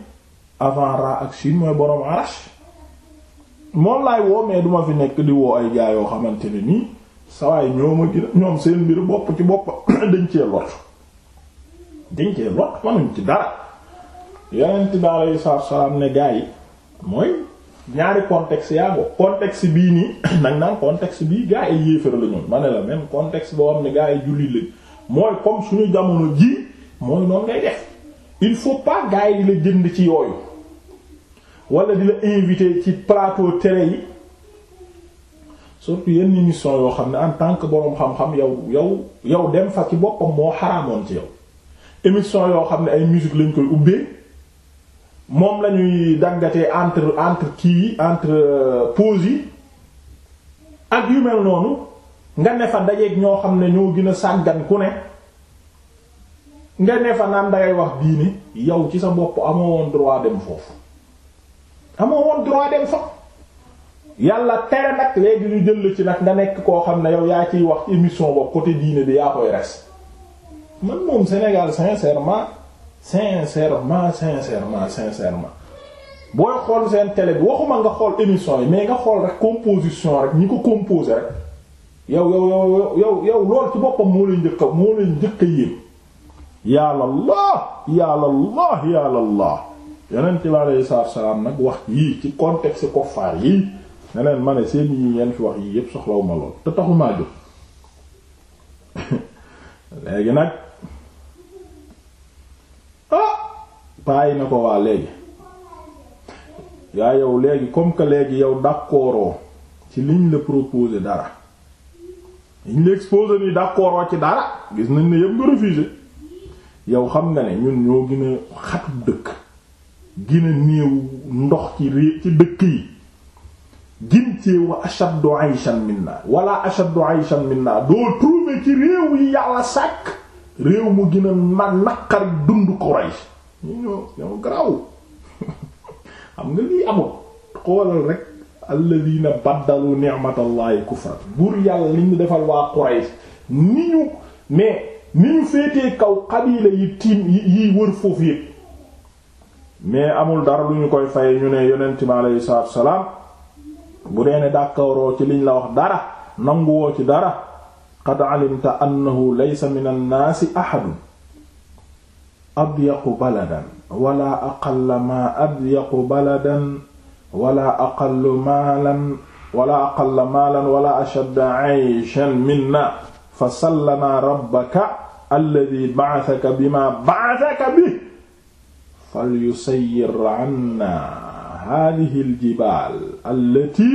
avant ra ak siin mooy borom arash moom laay woo mais du fi nekk di woo ay jaay yoo xamante ni nii sawaay ñoom a ñoom seen mbir bopp ci bopp dañ cee lot dañ cee lot manuñ ci dara yonent bi aleyhi salaatu wa salaam ne gaa yi mooy ñaari contexte yaa ngo contexte bii nii nag naan contexte bii gaa yi yéefar la ma ne la même contexte boo xam ne gaa yi jullit lañ mooy comme suñu jamono ji mooy noonu ngay def il faut pas gaa yi di la jënd ci yooyu wala di la invité ci plateau télé yi surtout yenn émission yoo xam ne en tant que boroom xam-xam yow yow yow dem fa ci boppam moo xaraamoon ci yow émission yoo xam ne ay musique lañ koy ubbee moom lañuy daggatee entre entre kii entre euh, pause yi ak yu mel noonu nga ne fa dajeeg ñoo xam ne ñoo gën a sàggan ku ne nga ne fa naan dangay wax diine yow ci sa bopp amoo woon droit dem foofu amoo woon droit dem fa yàlla tere nag léegi ñu jël ci nag nga nekk koo xam ne yow yaa ciy wax émission boobu côté diine bi yaa koy res man moom Sénégal sincèrement sincèrement sincèrement sincèrement booy xool seen télé bi waxuma nga xool émission yi mais nga xool rek composition rek ñi ko composé rek yow yow yow yow yow lool ci boppam moo leen njëkka moo leen njëkka yéen yàlla llah yàlla llah yàlla llah salaam nag wax yii ci contexte koffaar yii ne leen ma ne seen yi fi wax yii yépp soxlawuma lool te taxumaa jóg léegi nag paay na ko waa léegi yaa yow léegi comme que léegi yow d'accord ci liñ la proposé dara liñ la exposé ni d'accord ci dara gis nañ ne yëpp nga refusé yow xam nga ne ñun ñoo gën a dëkk gën néew ndox ci dëkk yi gin cee wa wala ashaddu ayshan réew yi yàlla sàkk réew mu gën naqar dund Quraysh ñu ñoo ñoo garaaw xam nga lii amoon xoolal rek alladina baddalu ni'matallahi kufran buur yàlla li ñu defal waa ni ñu mais ni kaw xabiila yi tiim yi wër foofu yépp amul dara lu ñu koy fay ñu ne yonent bi aleyhi salaatu salaam bu dee ne dàkkooroo ci liñ la wax dara nanguwoo ci dara qad alimta annahu laysa min annaasi ahadun adyaqu baladan wala aqalla ma adyaqu baladan wala aqallu maalan wala aqalla maalan wala ashadda ayshan minna fa sallama rabbaka alladi ba'athaka bima ba'athaka bi falyusayyir 'anna hadhihi aljibaal allati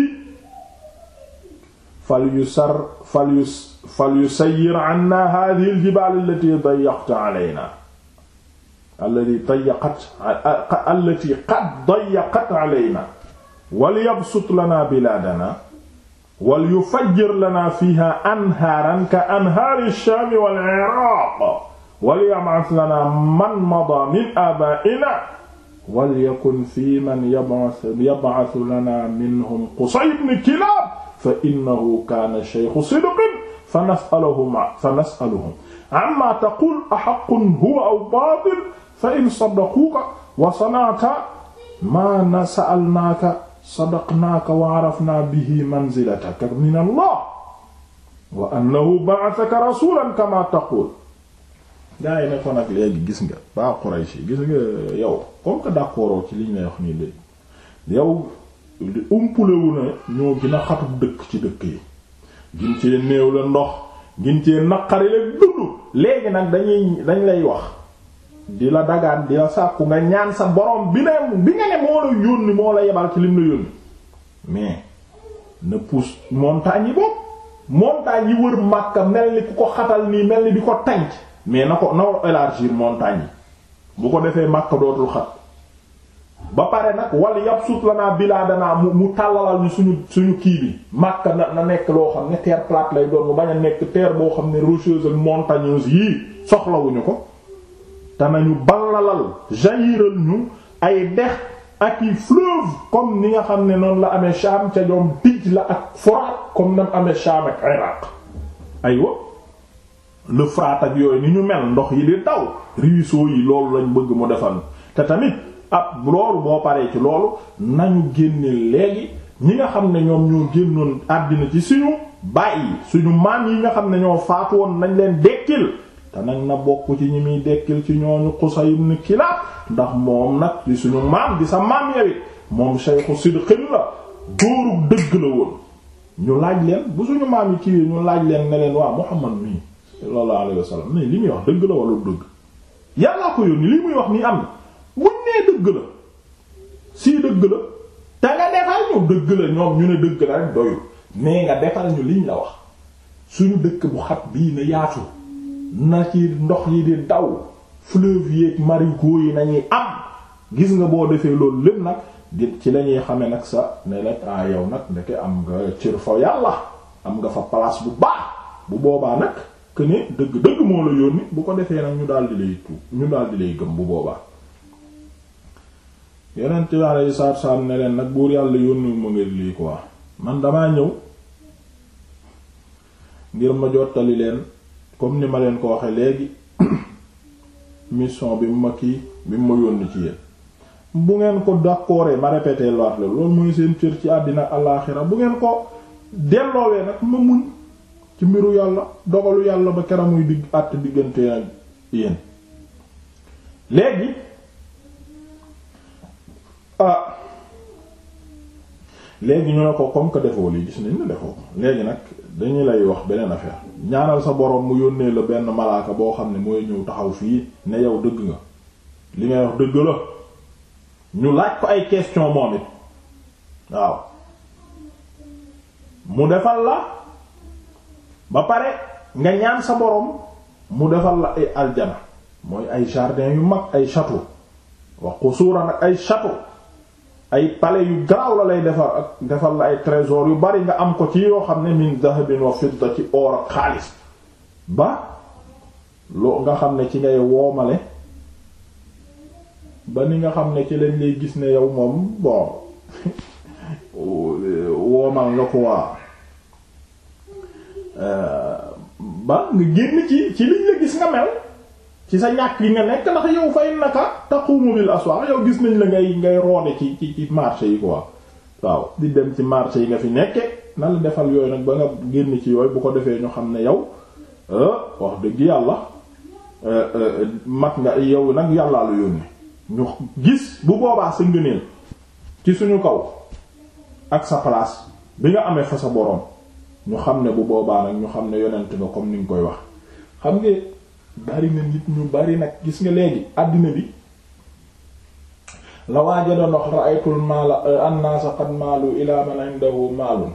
falyusar falyusayyir 'anna hadhihi aljibaal allati dayyaqta 'alaynaa allati dayaqat allati qad dayaqat alayna wal yabsut lana bilaadana wal yufajjir lana fiha anhaaran ka anhaari shaam wal iraaq wal yab'ath lana man mada min aabaa'ina wal yakun fii man yab'ath yab'ath lana minhum Qusay ibn Kilaab fa innahu kaana shaykhu sidqin fa nas'aluhum fa nas'aluhum amma taqul ahaqqun huwa aw baatil fa in saddaquuka wa sana'ta maa na sa'alnaaka wa arafna bihi manzilataka min Allah wa annahu ba'athaka rasulan kama taqul gaa ne ko nag léegi gis nga ba Quraysh gis nga yow comme que d'accord ci liñ lay wax nii léegi yow umpulewu na ñoo gën a dëkk ci dëkk yi gin cee néew la ndox gin cee naqari la dund léegi nag dañuy dañ lay wax di la dagaan di la sàkku nga ñaan sa borom bi ne bi nga ne moo la yónni moo la yebal ci lim la yónni mais na pousse montagne yi bopp montagne yi wër Makka mel ni ku ko xatal nii mel ni di ko tànc mais na ko na élargir montagne yi bu ko defee Makka dootul xat ba pare nag wala yabsut la naa bilaadanaa mu mu tàllalal ñu suñu suñu kii bi Makka na na nekk loo xam ne terre plate lay doon mu bañ a nekk terre boo xam ne rocheuse ak montagneuse yii soxlawuñu ko te nañu ballalal jayiral ñu ay dex ak i fleuve comme ni nga xam ne noonu la amee Sham ca ñoom Dijla ak Furaat comme nam amee Sham ak Iraq aywa l'Euphrate ak yooyu ni ñu mel ndox yi di daw ruisseaux yi loolu lañ bëgg mu defal te tamit ab loolu boo paree ci loolu nañu génne léegi ñi nga xam ne ñoom ñoo génnoon àddina ci suñu bàyyi suñu maam yi nga xam ne ñoo faatu woon nañ leen dekkil te na bokk ci ñi muy dekkil ci ñooñu Qusay ibn Kilaab ndax moom nag di suñu maam di sa maam yawit moom shaykhu sidqin la dóorub dëgg la woon ñu laaj leen bu suñu maam yi kiiwee ñu laaj leen ne leen waa Muhammad mii sallallahu alayhi wasallam mais li muy wax dëgg la wala dëgg yàllaa ko yónni li muy wax nii am na buñ nee dëgg la sii dëgg la te nga defal ñu dëgg la ñoom ñu ne dëgg la rek doyul mais nga defal ñu liñ la wax suñu dëkk bu xat bii na yaatu na ci ndox yi di daw fleuve yeeg marigots yi nañuy am gis nga boo defee loolu lépp nag di ci la ñuy xamee nag sa ne la ah yow nag ndeke am nga cër fa yàlla am nga fa place bu baax bu boobaa nag que ne dëgg dëgg moo la yónni bu ko defee nag ñu daal di lay tuub ñu daal di lay gëm bu boobaa. yeneen ci wàllu saabsaab ne leen nag buur yàlla yónni ma ngir lii quoi man damaa ñëw ngir ma jottali leen. comme ni ma leen ko waxee léegi mission bi mu ma kii bi mu ma yónni ci yéen bu ngeen ko d'accord ma répété waat la loolu mooy seen cër ci àddina alaaxira bu ngeen ko delloowee nag ma muñ ci mbiru yàlla dogalu yàlla ba keram muy digg àtt diggante ak yéen léegi ah, léegi ñu ne ko comme que defoo lii gis nañ ne defoo léegi nag dañu lay wax beneen affaire ñaanal sa boroom mu yónnee la benn malaaka boo xam ne mooy ñëw taxaw fii ne yow dëgg nga li ngay wax dëgg la ñu laaj ko ay question moom it waaw mu defal la ba pare nga ñaan sa borom mu defal la ay aljana mooy ay jardin yu mag ay château wa qusuran ak ay château ay palais yu garaaw la lay defar ak defal la ay trésor yu bari nga am ko ci yoo xam ne min dahabin wa fidda ci or ak xaalis ba loo nga xam ne ci ngay woomale ba ni nga xam ne ci lañ lay gis ne yow moom bon woomal nga ko waa euh, ba nga génn ci ci liñ la gis nga mel ci sa ñàkk yi nga nekk ndax yow fay naka taqumu bil aswaq yow gis nañ la ngay ngay roode ci ci ci marché yi quoi waaw di dem ci marché yi nga fi nekke nan la defal yooyu nag ba nga génn ci yooy bu ko defee ñu xam ne yow euh, wax dëgg yàlla euh, euh, mat nga yow nag yàllaa lu yónni ñu gis bu boobaa sa ngëneel ci suñu kaw ak sa place bi nga amee fa sa boroom ñu xam ne bu boobaa nag ñu xam ne yonent nga comme ni nga koy wax xam nga bari na nit ñu bari nag gis nga léegi àddina bi la waaja doon wax ra'aytul maala eh, annaasa qad maalu ila man indahu maalun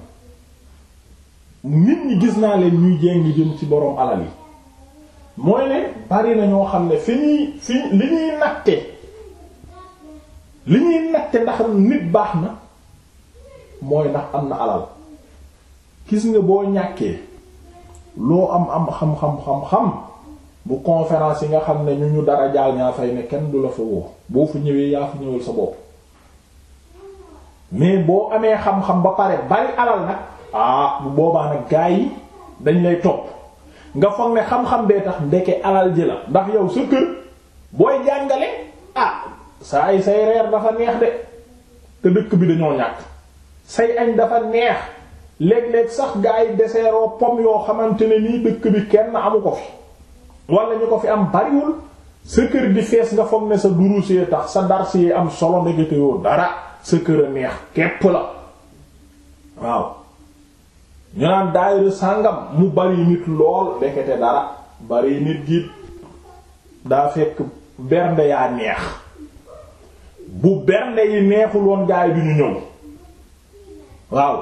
nit ñi gis naa leen ñuy jéng jëm ci boroom alal yi mooy ne bari na ñoo xam ne fi ñuy fi li ñuy natte li ñuy natte ndax nit baax na mooy ndax am na alal gis nga boo ñàkkee loo am am xam-xam-xam-xam bu conférence yi nga xam ne ñu ñu dara jaal ñaa fay ne kenn du la fa woo boo fa ñëwee yaa fa ñëwal sa bopp mais boo amee xam-xam ba pare bari alal nag ah bu boobaa nag gaa yi dañ lay topp nga foog ne xam-xam bee tax ndeke alal ji la ndax yow sa kër booy jàngale ah sa ay say reer dafa neex de te dëkk bi dañoo ñàkk say añ dafa neex léeg-léeg sax gaa yi deseeroo pom yoo xamante ne nii dëkk bi kenn amu ko fi wala ñu ko fi am bariwul sa kër di fees nga fom ne sa durusee tax sa dar am solo ndeketewoo dara sa kër a neex képp la waaw ñu naan daayira sàngam mu bari nit lool ndekete dara bari nit gi daa fekk bernde yaa neex bu bernde yi neexul woon gaay bi ñu ñëw waaw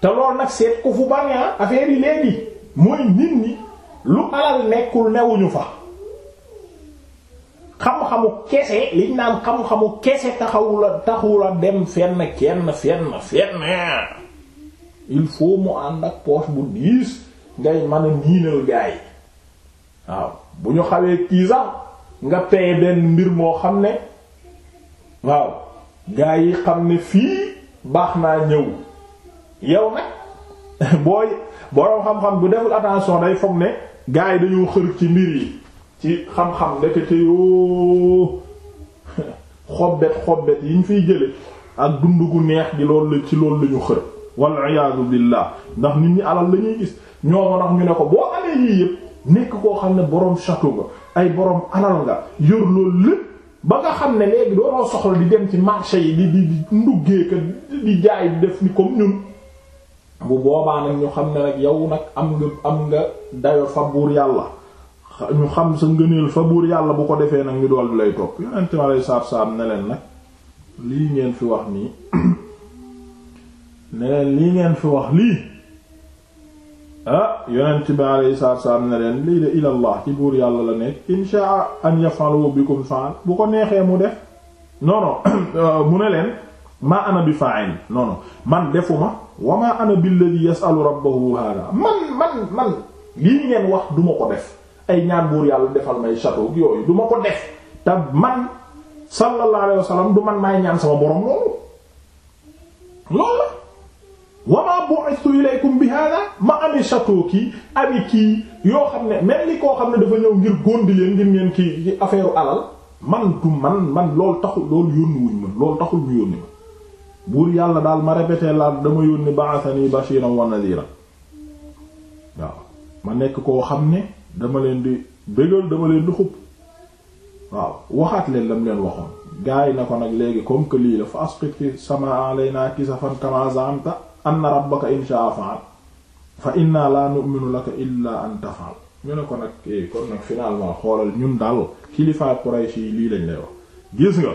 te lool nag seet ko fu bari ah, affaire yi léegi mooy nit ñi lu alal nekkul newuñu fa xam-xamu kese liñ naan xam-xamu kese taxawu la dem fenn kenn fenn fenn il faut mu ànd ak poche bu diis ngay mën a niinal gaay waaw bu ñu xawee kii sax nga paye benn mbir moo xam ne waaw gaa yi xam ne fii baax naa ñëw yow nag booy boroom xam-xam bu deful attention day foog ne gaa yi dañoo xër ci mbir yi ci xam-xam ndekete yoo xobbet xobbet yi ñu fiy jële ak dund gu neex gi loolu la ci loolu la ñu xër wal iyaadu billah ndax nit ñi alal lañuy gis ñoo ndax ñu ne ko boo amee yii yëpp nekk koo xam ne boroom château nga ay boroom alal nga yor loolu lépp ba nga xam ne léegi doonoo soxla di dem ci marché yi di di di nduggee ka di jaay def ni comme ñun bu boobaa nag ñu xam ne nag yow nag am nga am nga dayo fa buur yàlla ñu xam sa ngëneel fa buur yàlla bu ko defee nag ñu dool di lay topp yonent ma lay saab-saab ne leen nag lii ngeen fi wax nii lii ngeen fi wax lii ah yonent bi alayhi leen lii de ilallah ci buur yàlla la nekk inshaa an yafalu bikum faal bu ko neexee mu def non euh, mu ne leen maa ana bi fa'il non non man defuma wa ma ana billadi yasalu rabbahu hada man man man lii ngeen wax duma ko def ay ñaan buur yàlla defal may château yooyu du ma ko def te man sallallahu alayhi wa sallam kii ami yoo xam ne mel koo xam ne dafa ñëw ngir góondi ci affaire alal man du man man loolu taxul loolu yónni wuñ man loolu taxul ñu yónni ma buur yàlla daal ma répété la dama yónni ba'athani bashiran wa nadhira waaw ma nekk koo xam ne dama leen di bégal dama leen di xupp waaw waxaat leen dam leen waxoon gars yi na ko nag léegi comme que lii la fa asqiti sama alaynaa kisafan kama za'amta anna rabbaka in sha'a fa'al fa inna la nu'minu illa an taf'al ñu ne ko nag eh, kon xoolal ñun daal kilifa Quraysh yi lii lañ lay wax gis nga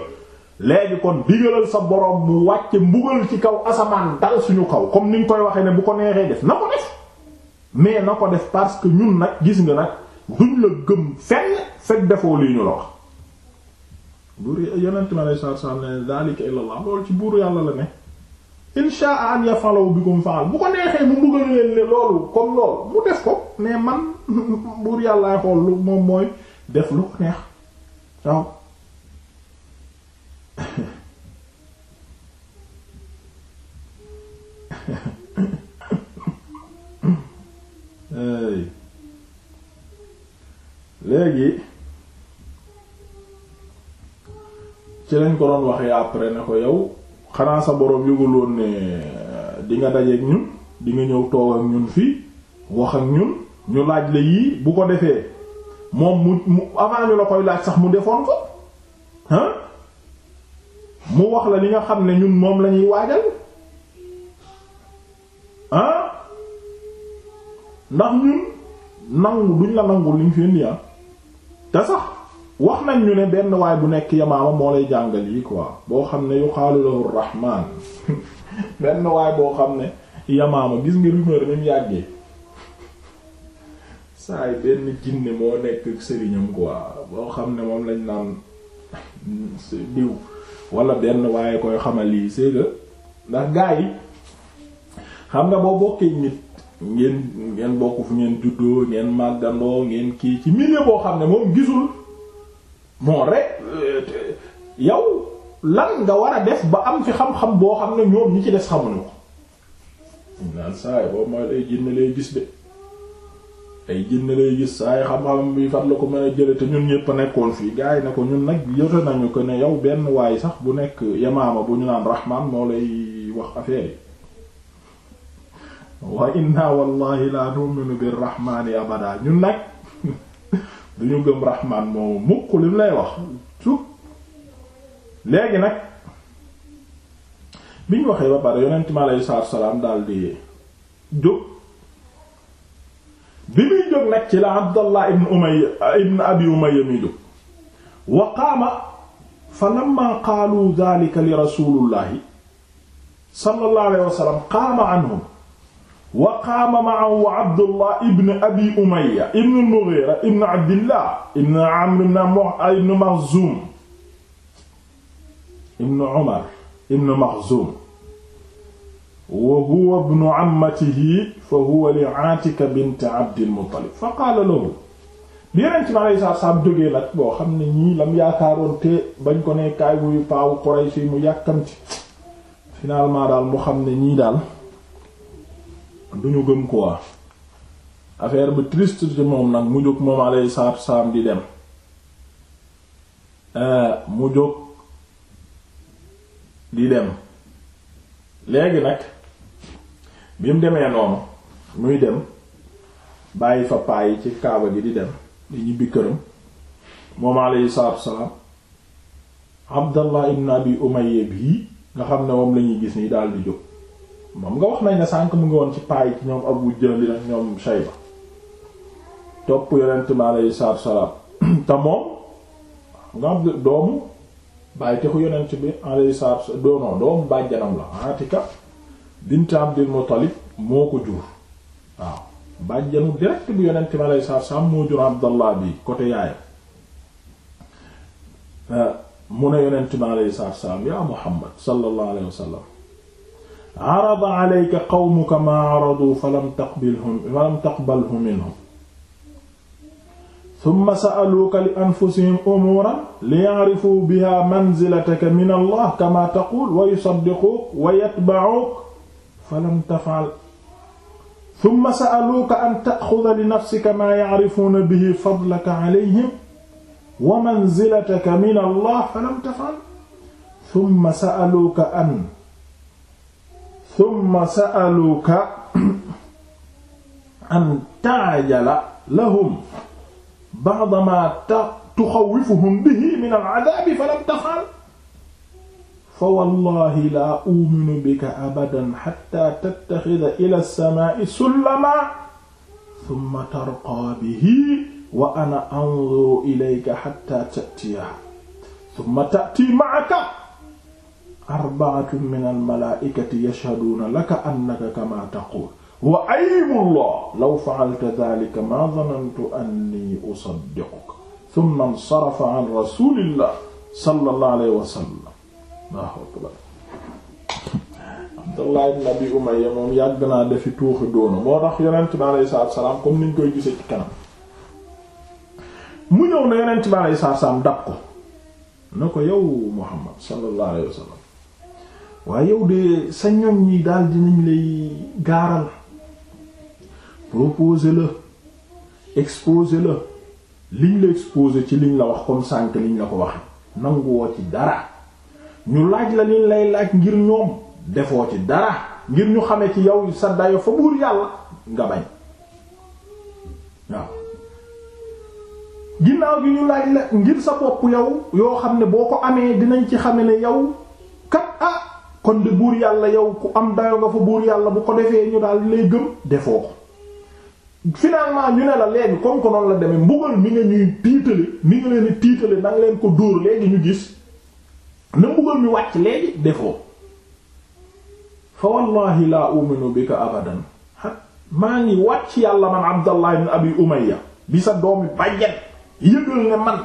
léegi kon digalal sa boroom mu wàcce mbugal ci kaw asamaan dal suñu kaw comme ni ñu koy waxee ne bu ko neexee def na ko def mais na ko def parce que ñun nag gis nga nag duñ la gëm fenn fekk defoo lii ñu la wax buur yonent mi alei satu salaam ne daalika illallah loolu ci buur yàlla la ne inshaa an yafalaw bikum faal bu ko neexee mu mbugal leen ne loolu comme loolu mu def ko mais man buur yàllaay xool lu moom mooy def lu ko neex waaw léegi ci lañ ko doon waxee après ne ko yow xanaa sa boroom yëguloon ne euh, di nga dajeek ñun di nga ñëw toog ak ñun fii wax ak ñun ñu laaj la yii bu ko defee moom mu mu avant la koy laaj sax mu defoon ko ah mu wax la li nga xam ne ñun moom lañuy waajal ah ndax ñun nangu duñ la nangu liñ fi indi te sax wax nañ ñu ne benn waay bu nekk yamaama moo lay jàngal yi quoi boo xam ne yuqaalu lahu rahmaan benn waay boo xam ne yamaama gis nga rumeur ni mu yàggee saa yi benn jinne moo nekk sëriñam quoi boo xam ne moom lañ naan diw wala benn waaye koy xamal lii c'est que ndax gaa yi xam nga boo bokkee nit ngeen ngeen bokk fu ngeen juddoo ngeen màggandoo ngeen kii ci milieu boo xam ne moom gisul moo rek euh, yow lan nga war a def ba am fi xam-xam boo xam ne ñoom ñi ci des xamuñu ko naan saay boobu mooy lay jinne lay gis de ay jinne lay gis ay xam-xam bi fan la ko mën a jële te ñun ñëpp nekkoon fii gars yi ne ko ñun nag yote nañu ko ne yow benn waay sax bu nekk yamaama bu ñu naan rahman moo lay wax affaire wa inna wallahi la nu'minu bir rahmani abada ñun nag duñu gëm rahman moo mukk lim lay wax su léegi nag biñ waxee ba pare yonent mi alayhi salaatu salaam daal di jóg bi muy jóg nag ci la Abdallah ibn Umayya ibn Abi Umayya muy jóg wa qaama fa lamma qaalu dhalika li rasulillahi sallallahu alayhi wa sallam qaama anhum wa qaama ma'ahu Abdallah ibn Abi Umayya ibn al-Mughira ibn Abdillah ibn Amr ibn Makhzum ibn Umar ibn Makhzum wa huwa ibnu ammatihi fa huwa li Aatika bint Abdil Muttalib fa qaala bi Yonent bi alayhi salaatu salaam jógee nag boo xam ne ñii lam yaakaaroon te bañ ko ne kaay wuyu paawu Quraysh mu yàkkamti finalement daal mu xam ne ñii daal duñu gëm quoi affaire bi triste ci moom nag mu jóg moom alayhi salaatu di dem euh, mu jóg di dem léegi nag bi mu demee noonu muy dem bàyyi fa paa yi ci kaaba gi di dem di ñibbi këram moom alayhi salaatu salaam abdallah ibn abi umayya bii nga xam ne moom lañuy gis nii daal di jóg moom nga wax nañ ne sànq mu ngi woon ci paa ci ñoom abu jëli nag ñoom shayba topp yonent mi alayhi salaatu salaam te moom nga doomu bàyyi texu yonent bi alayhi salaatu doono doomu bàjjanam la atika bint Abdul Muttalib moo ko jur waaw bàjjanu direct bu yonent mi alayhi salaatu salaam moo jur Abdallah bi côté yaayam euh, mu ne yonent mi alayhi salaatu salaam yaa Muhammad sallallahu alayhi wa sallam arada alayka qawmuka maa aradu falam taqbilhum falam taqbalhum minhum summa sa'aluuka li anfusihim umuuran liya'rifuu bihaa manzilataka min Allah kamaa taquul wa yusaddiquuka wa yatba'uuka falam tafal thumma sa'aluuka an ta'xuda li nafsika maa ya'rifuuna bihi fadlaka alayhim wa manzilataka min allah falam tafal thumma sa'aluuka an thumma sa'aluuka an ta'jala lahum ba'da maa tuxawwifuhum bihi min al'adaabi falam tafal fa wallahi laa uuminu bika abadan xatta tattaxida ila samaai sullamaa summa tarqaa bihi wa ana anzuru ilayka xatta tatiyaha summa tati maaka arba'atun min almalaaikati yashhaduuna laka annaka kama taqul wa aymullah law fa'alta dhalika ma dhanantu anni usaddiquka thumma insarafa an rasulillah sallallahu alayhi wa sallam Allahu akbar Abdullah ibn Abi Umayya moom yàgg naa defi tuuxi doonu moo tax yonent bi alayhi salaatu salaam comme niñ koy gisee ci kanam mu ñëw na yonent bi alayhi salaatu salaam dab ko na ko yow Muhammad sallallahu alayhi wa waaye yow de sa ñoñ ñi daal dinañ lay gaaral proposer la exposer la liñ la exposer ci liñ la wax comme sànk liñ la ko wax nanguwoo ci dara ñu laaj lañu lay laaj ngir ñoom defoo ci dara ngir ñu xame ci yow sa dayo fa buur yàlla nga bañ waaw ginnaaw gi ñu laaj la ngir sa bopp yow yoo xam ne boo ko amee dinañ ci xame ne yow kat a ah, kon de buur yàlla yow ku am dayo nga fa buur yàlla bu ko defee ñu daal lay gëm defoo ko finalement ñu ne la léegi comme ko noonu la demee mbugal mi nga ñuy tiitale mi nga leen tiitale nanga leen ko dóor di ñu gis na mbugal mi wàcc léegi defoo fa wallahi laa uminu bika abadan maa ngi wàcc yàlla man abdallah ibn abi umayya bi sa doomi bàjjen yëgal ne man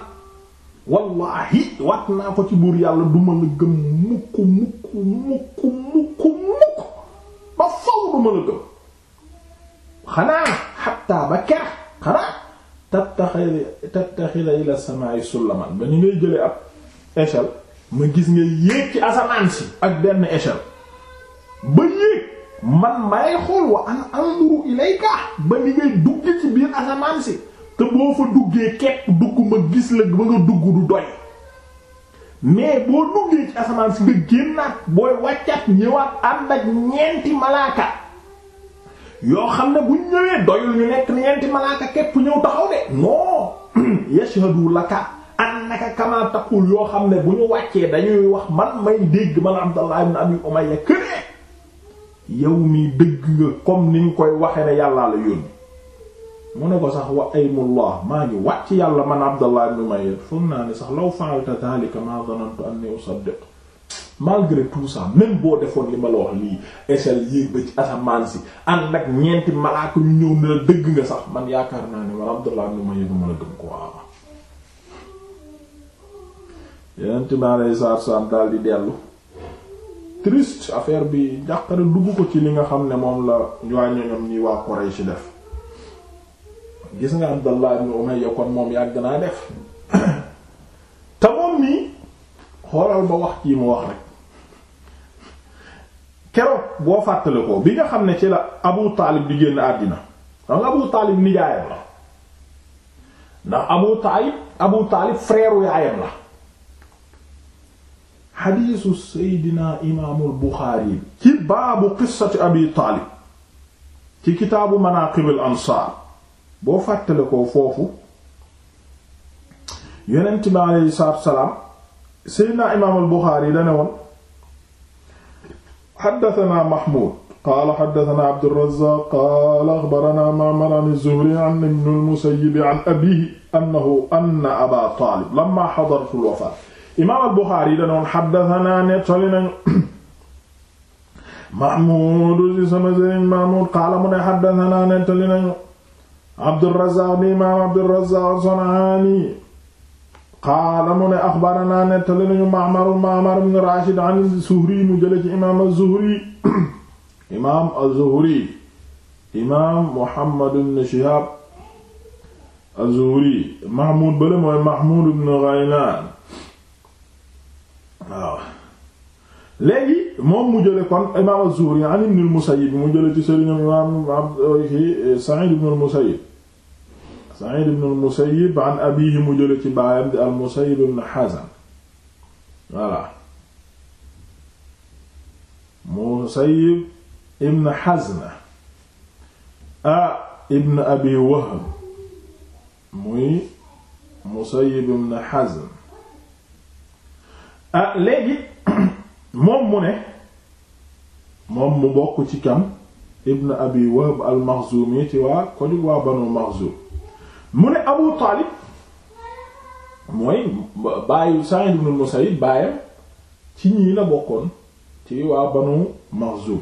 wallahi wat naa ko ci buur yàlla duma la gëm mukk mukk mukk mukk mukk ba faw duma la gëm xanaa xatta ba ker xanaa tattaxida ila samaa'i sulaman ba ñu ngay jële ab échelle ma gis nga yéeg ci asamaan si ak benn échelle ba yéeg man may xool wa an anduru ilayka ba ni ngay dugge ci biir asamaan si te boo fa duggee kepp dugg ma gis la ba nga dugg du doy mais boo duggee ci asamaan si nga génnaat booy wàccat ñëwaat ànd ak ñeenti malaaka yoo xam ne bu ñëwee doyul ñu nekk ñeenti malaaka kepp ñëw taxaw de non yashhadu laka naka kamaa taqul yoo xam ne bu ñu wàccee dañuy wax man may dégg man Abdallah ibn Abi Umayya kënee yow mi dëgg nga comme ni ñu koy waxe ne yàllaa la yónni mu ne ko sax wa aymullah maa ngi wàcc yàlla man Abdallah ibn Umayya foog naa ne sax law fa'alta dhalika ma dhanantu anni usaddiq malgré tout ça même boo defoon li ma la wax lii échelle yéeg ba ci asamaan si ànd ak ñeenti malaaka ñu ñëw ne la dëgg nga sax man yaakaar naa ni man Abdallah ibn Umayya yonent bi alayhi salaatu salaam daal di dellu triste affaire bi jàqare dugg ko ci li nga xam ne moom la waa ñoñom ñi waa Quraysh def gis nga Abdallah ibn Umayya kon moom yàgg naa def te moom nii xoolal ba wax kii mu wax rek keroog boo fàttale ko bi nga xam ne ci la Abu Taalib di génn àddina xam nga Abu Taalib nijaayam la ndax Abu Taalib Abu Taalib frère yaayam la xadiisu seydina imaamul buxaari ci baabu qissati abi taalib ci kitaabu manaaqibil ansaar boo fàttale ko foofu yonent bi aleyhi salaatu wasalaam seydina imaamul buxaari dane woon xaddatanaa mahmuud qaala xaddatanaa abdurrazaaq qaala axbaranaa ma'mar an zuhri an ibnil musayyib an abiihi annahu anna abaa taalib lammaa xadartul wafaat imaam al-Buxaari danoon xaddasanaa nettali nañu Mahmuud si sama sëriñ Mahmuud qaala mu ne xaddasanaa nettali nañu Abdurrazaaq di imaam Abdurrazaaq Sanaani qaala mu ne axbaranaa nettali nañu Ma'mar Ma'mar ibn Raashid an Zuhri mu jële ci imaam az-Zuhri imaam az-Zuhri imaam Muhammad ibn Shihaab az-Zuhri Mahmuud bale mooy Mahmuud ibn Ghaylaan waaw léegi moom mu jële kon imaam az-Zuhri an ibn al-Musayyib mu jële ci sëriñam imaam abki Sa'id ibn al-Musayyib Sa'id ibn al-Musayyib an abiihi mu jële ci baayam di al-Musayyib ibn Hazan voilà Musayyib ibn Hazna a ibn Abi Wahb muy Musayyib ibn Hazn ah léegi moom mu ne moom mu bokk ci kam ibn abi wahb al maxzumi ci waa ko jug waa banu maxzum mu ne abu taalib mooy baayu sa'id ibn musayyib baayam ci ñii la bokkoon ci waa banu maxzum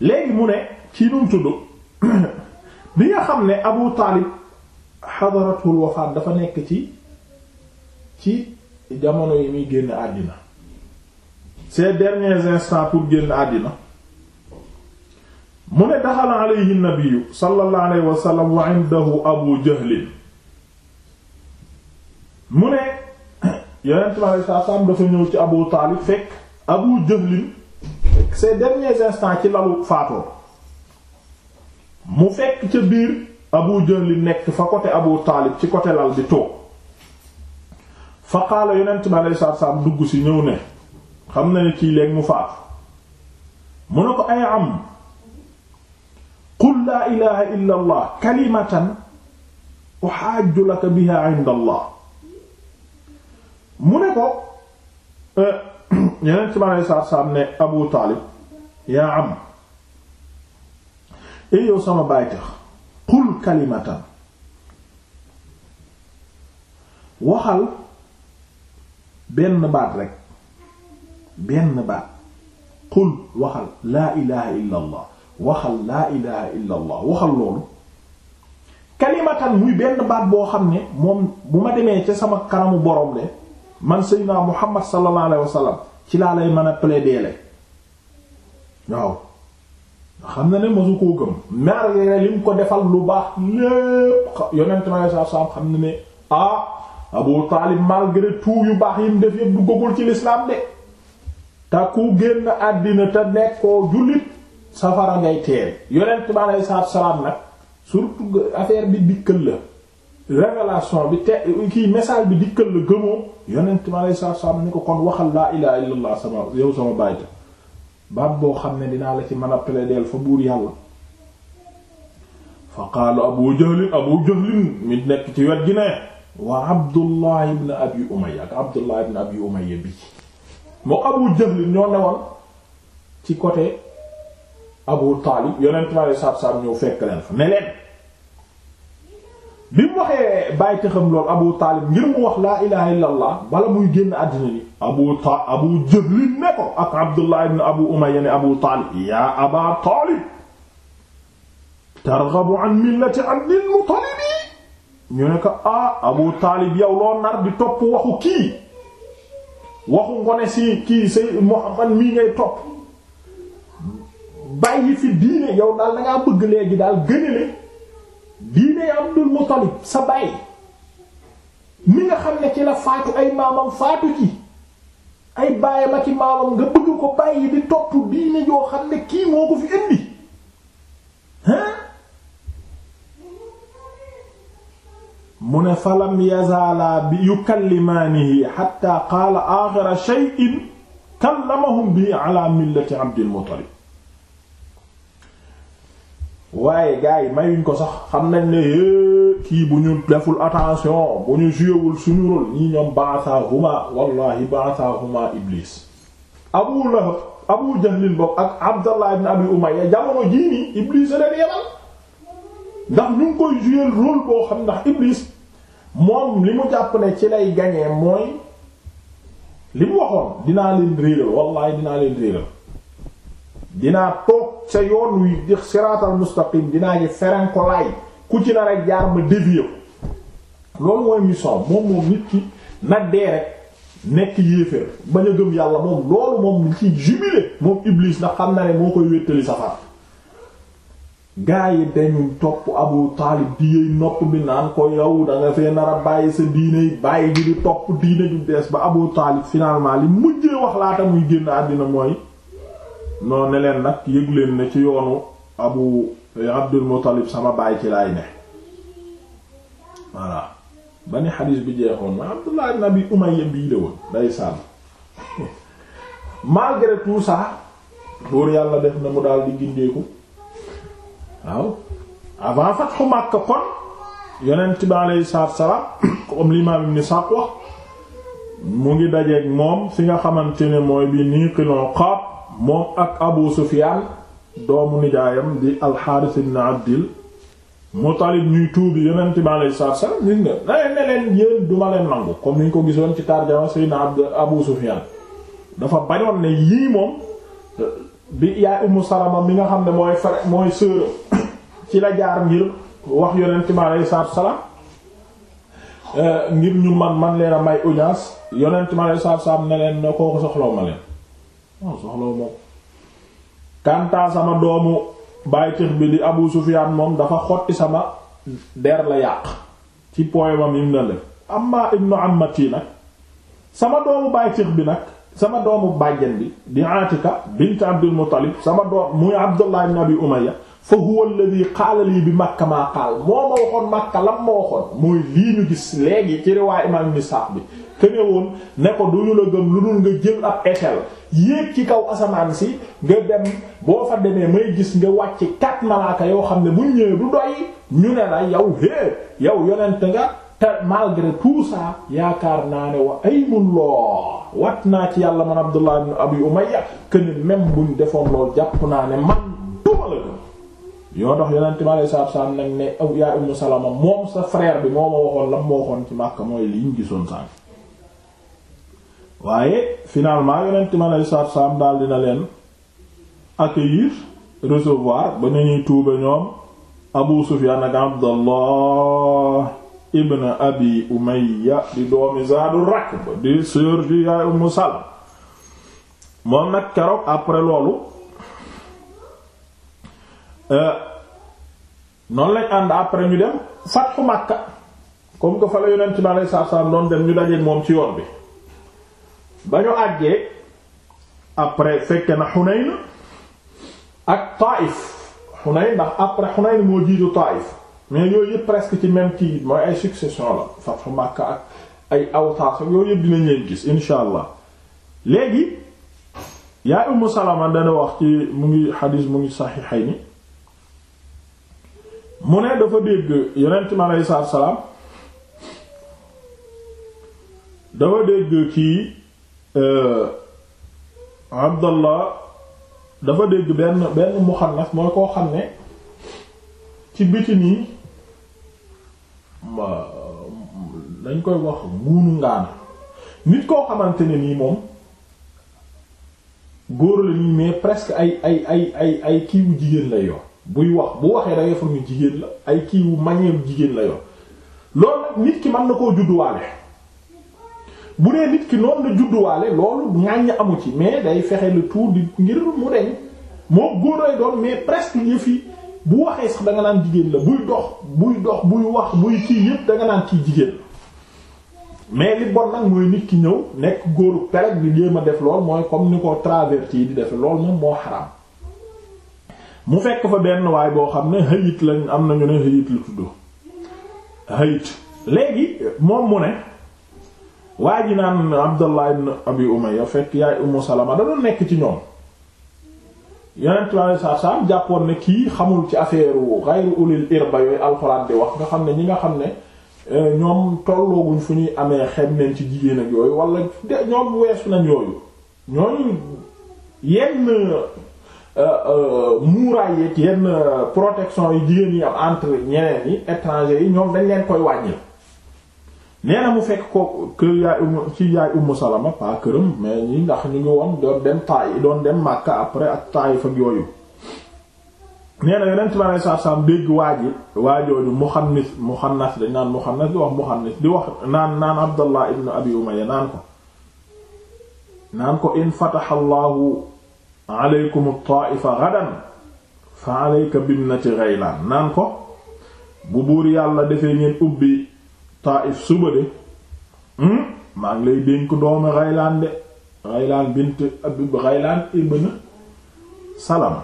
léegi mu ne ci num tudd bi nga xam ne abu taalib xadaratul wafaat dafa nekk ci ci ci jamono yi muy génn àddina ces derniers instants pour génn àddina mu ne daxala alayhi nabiyu sallallahu alayhi wa sallam wa indahu abu jahlin mu ne yonent bi alayhi salaam dafa ñëw ci abu taalib fekk abu jahlin ces derniers instants ci lalu faatoo mu fekk ca biir abu jahlin nekk fa côté abu taalib ci côté lal di toog fa qaala yonent bi alayhi salaatu salaam dugg si ñëw ne xam na ne kii léegi mu faatu mu ne ko ay am qul laa ilaha illa allah kalimatan uhaajju laka biha inda allah mu ne ko eh, yonent bi alayhi salaatu salaam ne abu taalib yaa am eey eh, yow sama baay tax qul kalimatan waxal benn baat rek benn baat qul waxal laa ilaha illa allah waxal laa ilaha illa waxal loolu kalimatan muy benn baat boo xam ne moom bu ma demee ca sama kanamu borom de man sayyidina muhammad sallallahu alayhi wasallam ci laa lay mën a plaider le waaw xam ne ne masu koo gëm malgré li mu ko defal lu baax lépp yonent ma sallallahu alayhi xam ne ne ah Abu Taalib malgré tout yu baax yim def yëpp duggagul ci lislaam de te génn àddina te nekkoo jullit safara ngay teel yonent bi aleyhi salaam nag surtout affaire bi dikkal la révélation bi te kii message bi dikkal la gëmoo yonent bi aleyhi salaam ni ko kon waxal laa ilaaha illallaah sama yow sama bàyta baat boo xam ne dinaa la ci mën a plaider fa buur yàlla fa qaala Abu Jahlin Abu Jahlin mi nekk ci wet gi ne wa Abdullah ibn Abi Umayya ak Abdullah ibn Abi Umayya bi moo Abu Jahl ñoo newoon ci côté Abu Taalib yonent bi alei satu salaam ñëw fekk leen fa ne leen bi mu waxee bàyyita xam loolu Abu Taalib ngir mu wax laa ilaha illa allah bala muy génn àddina ni Abu Ta Abu Jahl ne ko ak Abdullah ibn Abu Umayya ne Abu Taalib yaa Aba Taalib targhabu an millati Abdil Muttalib ñu ne ko ah Abu Taalib yow loo nar di topp waxu kii waxu ngone si kii say Muhammad mii ngay topp bàyyi fi diine yow daal da bëgg léegi daal gënale diine Abdul Muttalib sa bàyyi mi nga xam ne ci la faatu ay maamam faatu ci ay baayam ak maamam nga bëgg ko bàyyi di topp diine joo xam ne kii moo ko fi indi hein mu ne falam yazaalaa bi yukallimaanihi xatta qaala aaxira shay'in kallamahum bi ala millati abdil muttalib waaye gars yi ko sax xam nañ ne é kii bu deful attention bu ñu jouéwul suñu rôle ñii ñoom ba'athahuma wallahi ba'athahuma iblis abu lahab abu jahlin bokk ak abdallah ibn abi umayya jamono jii nii iblis a leen yebal ndax iblis moom li mu jàpp ne ci lay gañee mooy li mu waxoon dinaa leen réeral wallahi dinaa leen réeral dinaa toog sa yoon wi di siraatal mustaqim dinaa ji feren ko ku ci na rek jaar ma dévier ko loolu mooy mission moom moom nit ki nag rek nekk yéeféer bañ a gëm yàlla moom loolu moom li ci jubilé moom iblis ndax xam na ne moo koy wéttali safara gaa yi dañu topp Abu Taalib di yëy nopp bi naan ko yow da nga fee nar bàyyi sa diine bàyyi di di topp diine ju dees ba Abu Taalib finalement li mujjee wax laata muy génn àddina mooy noo leen nag yëg leen ci yoonu Abu Abdul Muttalib sama bàyyi ci laay ne voilà ba ni xadiis bi jeexoon ma Abdullah ibn Abi Umayya bii la woon day sànn malgré tout ça buur yàlla def na mu daal di gindeeku waaw avant fatxu Makka kon yonent bi aleyhi salaatu salaam comme l'imam Ibn Sa'd wax mu ngi dajeeg moom fi nga xamante ne mooy bi niiqilon qaab moom ak Abu Sufyaan doomu nijaayam di al-Haaris ibn Abdil Muttalib ñuy tuubi yonent bi aleyhi salaatu wa salaam nit nga daleen ne leen duma leen nangu comme ni ñu ko gisoon ci tarjama Seydina Abu Sufyaan dafa bañoon ne yii moom bi yaay Ummu Salama mi nga xam ne mooy frère mooy sœur ci la jaar ngir wax yonent mi alayhi salaatu euh, ngir ñu man man leen a may audience yonent mi alayhi salaatu wa salaam ne leen ne kooku soxlaw ma leen kantaa sama doomu bàytix bi di Abu Sufyaan moom dafa xotti sama der la yàq ci poemam yi mu la def amma ibnu ammati nag sama doomu bàytix bi nag sama doomu bàjjan bi di Atika bint Abdul Muttalib sama doom muy Abdullah ibn Abi Umayya fa huwa alladhi qaala lii bi Makka maa qaal moo ma waxoon Makka lam ma waxoon mooy lii ñu gis léegi ci riwaay imaam Ibn Sa'd bi këne woon ne ko duñu la gëm lu dul nga jël ab échelle yéeg ci kaw asamaan si nga dem boo fa demee may gis nga wàcc quatre malaaka yoo xam ne bu ñëwee du doy ñu ne la yow hee yow yonent nga te malgré tout yaakaar naa ne wa aymullah wat naa ci yàlla man Abdullah ibn Abi Umayya que ni même buñ defoon lool jàpp naa ne man duma la gëm yoo tax yonent mi alayhi salaatu salaam nag ne aw yaa Ummu Salama moom sa frère bi moo ma waxoon la moo waxoon ci Makka mooy li ñu gisoon sànq waaye finalement yonent mi alayhi salaatu salaam daal dina leen accueillir recevoir ba nañuy tuube ñoom Abu Sufyaan ak Abdallah ibn abi umayya di doomi zaadu rakb di sœur di yaay ummu salama moom nag keroog après loolu euh, noonu lañ ànd après ñu dem fatxu makka comme que fa la yonent bi aleyhi salaatu salaam doon dem ñu dajeek moom ci yoon bi ba ñu àggee après fekke na xuneyn ak taif xuneyn ndax après xuneyn moo jiitu taif mais yooyu yëpp presque ci même kii mooy ay succession la Fathu Makka ak ay Awtaas ak yooyu yëpp dinañ leen gis insha allah léegi yaay Ummu Salama dana wax ci mu ngi xadiis mu ngi saxiixayni mu ne dafa dégg yonent mi aleyhi salaatu salaam dafa dégg kii euh, Abdallah dafa dégg benn benn muxannas mooy koo xam ne ci biti nii dañ koy wax muunu ngaana nit koo xamante ne nii moom góor la nii mais presque ay ay ay ay ay kiiwu jigéen lay yor buy wax bu waxee dangay foog ni jigéen la ay kiiwu manière jigéen la yor loolu nag nit ki mën na koo judduwaale bu dee nit ki noonu la judduwaale loolu ñaañ amu ci mais day fexe le tour di ngir mu deñ moo góor ay doon mais presque yëf yi bu waxee sax da naan jigéen la buy dox buy dox buy wax buy kii yépp da nga naan kii jigéen la mais li bon nag mooy nit ki ñëw nekk góoru perek bi jéem a def lool mooy comme ni ko traverti yi di defe lool moom moo xaraam mu fekk fa benn waay boo xam ne hayit lañ am na nañu ne hayit lu tudd hayit léegi moom mu ne waa ji naan Abdallah ibn Abi Umayya fekk yaay Ummu Salama da doon nekk ci ñoom yonent bi alayhi salaatu salaam jàppoon ne kii xamul ci affaire wu ghayru ulil irba yooyu alxuraan bi wax nga xam ne ñi nga xam ne euh, ñoom tollooguñ fu ñuy amee xem nañ ci jigéen ak yooyu wala ñoom weesu nañ yooyu ñooñu yenn euh, euh, muuraay yeeg yenn protection yi jigéen yi entre ñeneen yi étranger yi ñoom dañ leen koy wàññil. nee na mu fekk ko kër yaay um ci yaay Ummu Salama pas këram mais ndax ñu ngi woon doon dem taay doon dem Makka après ak taay fa yooyu nee na yonent bi saa saam dégg waa ji waa jooju Muxannas Muxannas dañ naan Muxannas di wax Muxannas di wax naan naan Abdallah ibn Abi Umayya naan ko naan ko in fataha Allahu aleykum at-Taa'ifa fa aleyka binnati Ghaylaan naan ko bu buur yàlla defee ngeen ubbi Taif suba de hmm? maa ngi lay dénk doomi Ghaylaan de Ghaylaan bint Abi Ghaylaan ibn Salama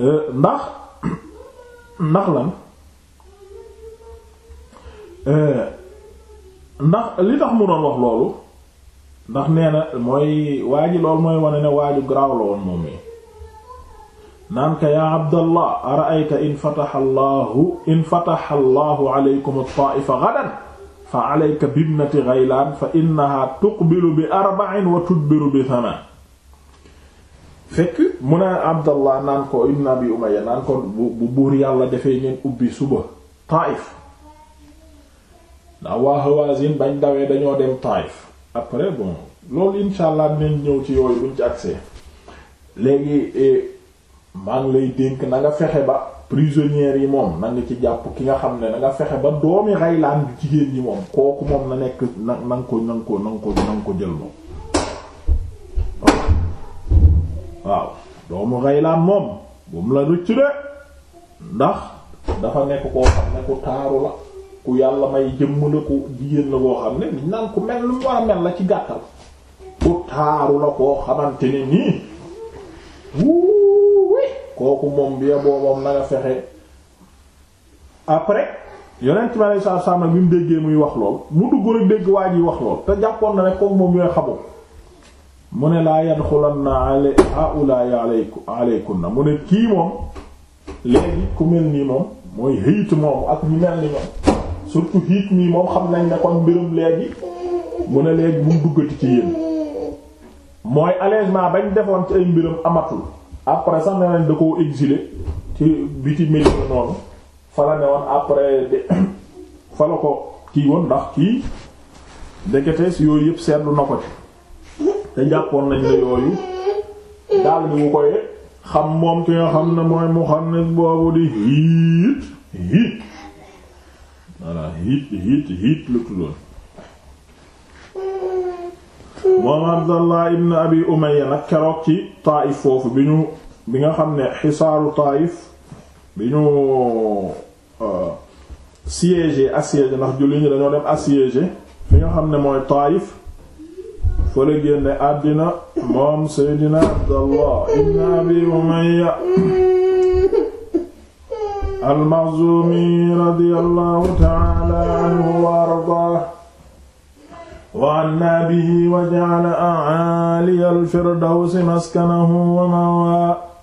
euh, ndax ndax lan euh, ndax li tax mu doon wax loolu ndax nee na mooy waa ji lool mooy wane ne waaju garaaw la woon moom yi naan ka yaa abdallah ara'ayta in fataha allahu in fataha allahu alaykum at-ta'ifa ghadan fa alayka bibnati ghaylan fa innaha tuqbilu bi arba'in wa tudbiru bi thaman fekk mu ne abdallah naan ko ibn abi umayya naan ko bu buur yàlla defee ngeen ubbi suba taif ndax waa hawazin bañ dawee dañoo dem taif après bon loolu insha allah dinañ ñëw ci yooyu buñ ci accès léegi eh, maa ngi lay dénk na fexe ba prisonnières yi moom na nga ci jàpp ki nga xam ne na fexe ba doomi Ghaylaan bi jigéen ñi moom kooku moom na nekk na na nga ko na nga ko na nga ko na nga jël moom waaw doomu Ghaylaan moom bu mu la rëcc de ndax dafa nekk koo xam ne ku taaru la ku yàlla may jëmm la ku jigéen la koo xam ne liñ naan mel lu mu war a mel la ci gàttal ku taaru la koo xamante ne nii kooku moom bi boobam na nga fexe après yonent bi alei satu salaam nag bi mu déggee muy wax lool mu dugg rek dégg waa ji wax lool te jàppoon na ne kooku moom yooy xamoo mu ne laa yadxulanna ale haulayi aleyku aleykum na mu ne kii moom léegi ku mel nii moom mooy hiit moom ak ñu mel ni ñoom surtout hiit mii moom xam nañ ne kon mbirum léegi mu ne léegi mu duggati ci yéen mooy allègement bañ defoon ci ay mbirum amatul après sax ne nañ da koo exilé ci biti Médine noonu fa ne woon après de fa ko kii woon ndax kii deketees yooyu yëpp seetlu na ko ci te jàppoon nañ ne yooyu daal di wu koy xam moom ki nga xam ne mooy Muxannas boobu di hiit hiit voilà hiit hiit hiit la tuddoon moom Abdallah ibn Abi Umayya nag keroog ci foofu bi ñu nga xam ne xisaaru Taayif bi ñu euh, siégé assiégé ndax julli ñi dañoo dem fi nga xam ne mooy Taayif fa la génne àddina moom Seydina Abdallah ibn Abi Umayya al-Makhzumi radiyallahu ta'ala anhu wa ardaahu wa anna bihi wa ja'ala a'aliya al-firdawsi maskanahu wa ma'waa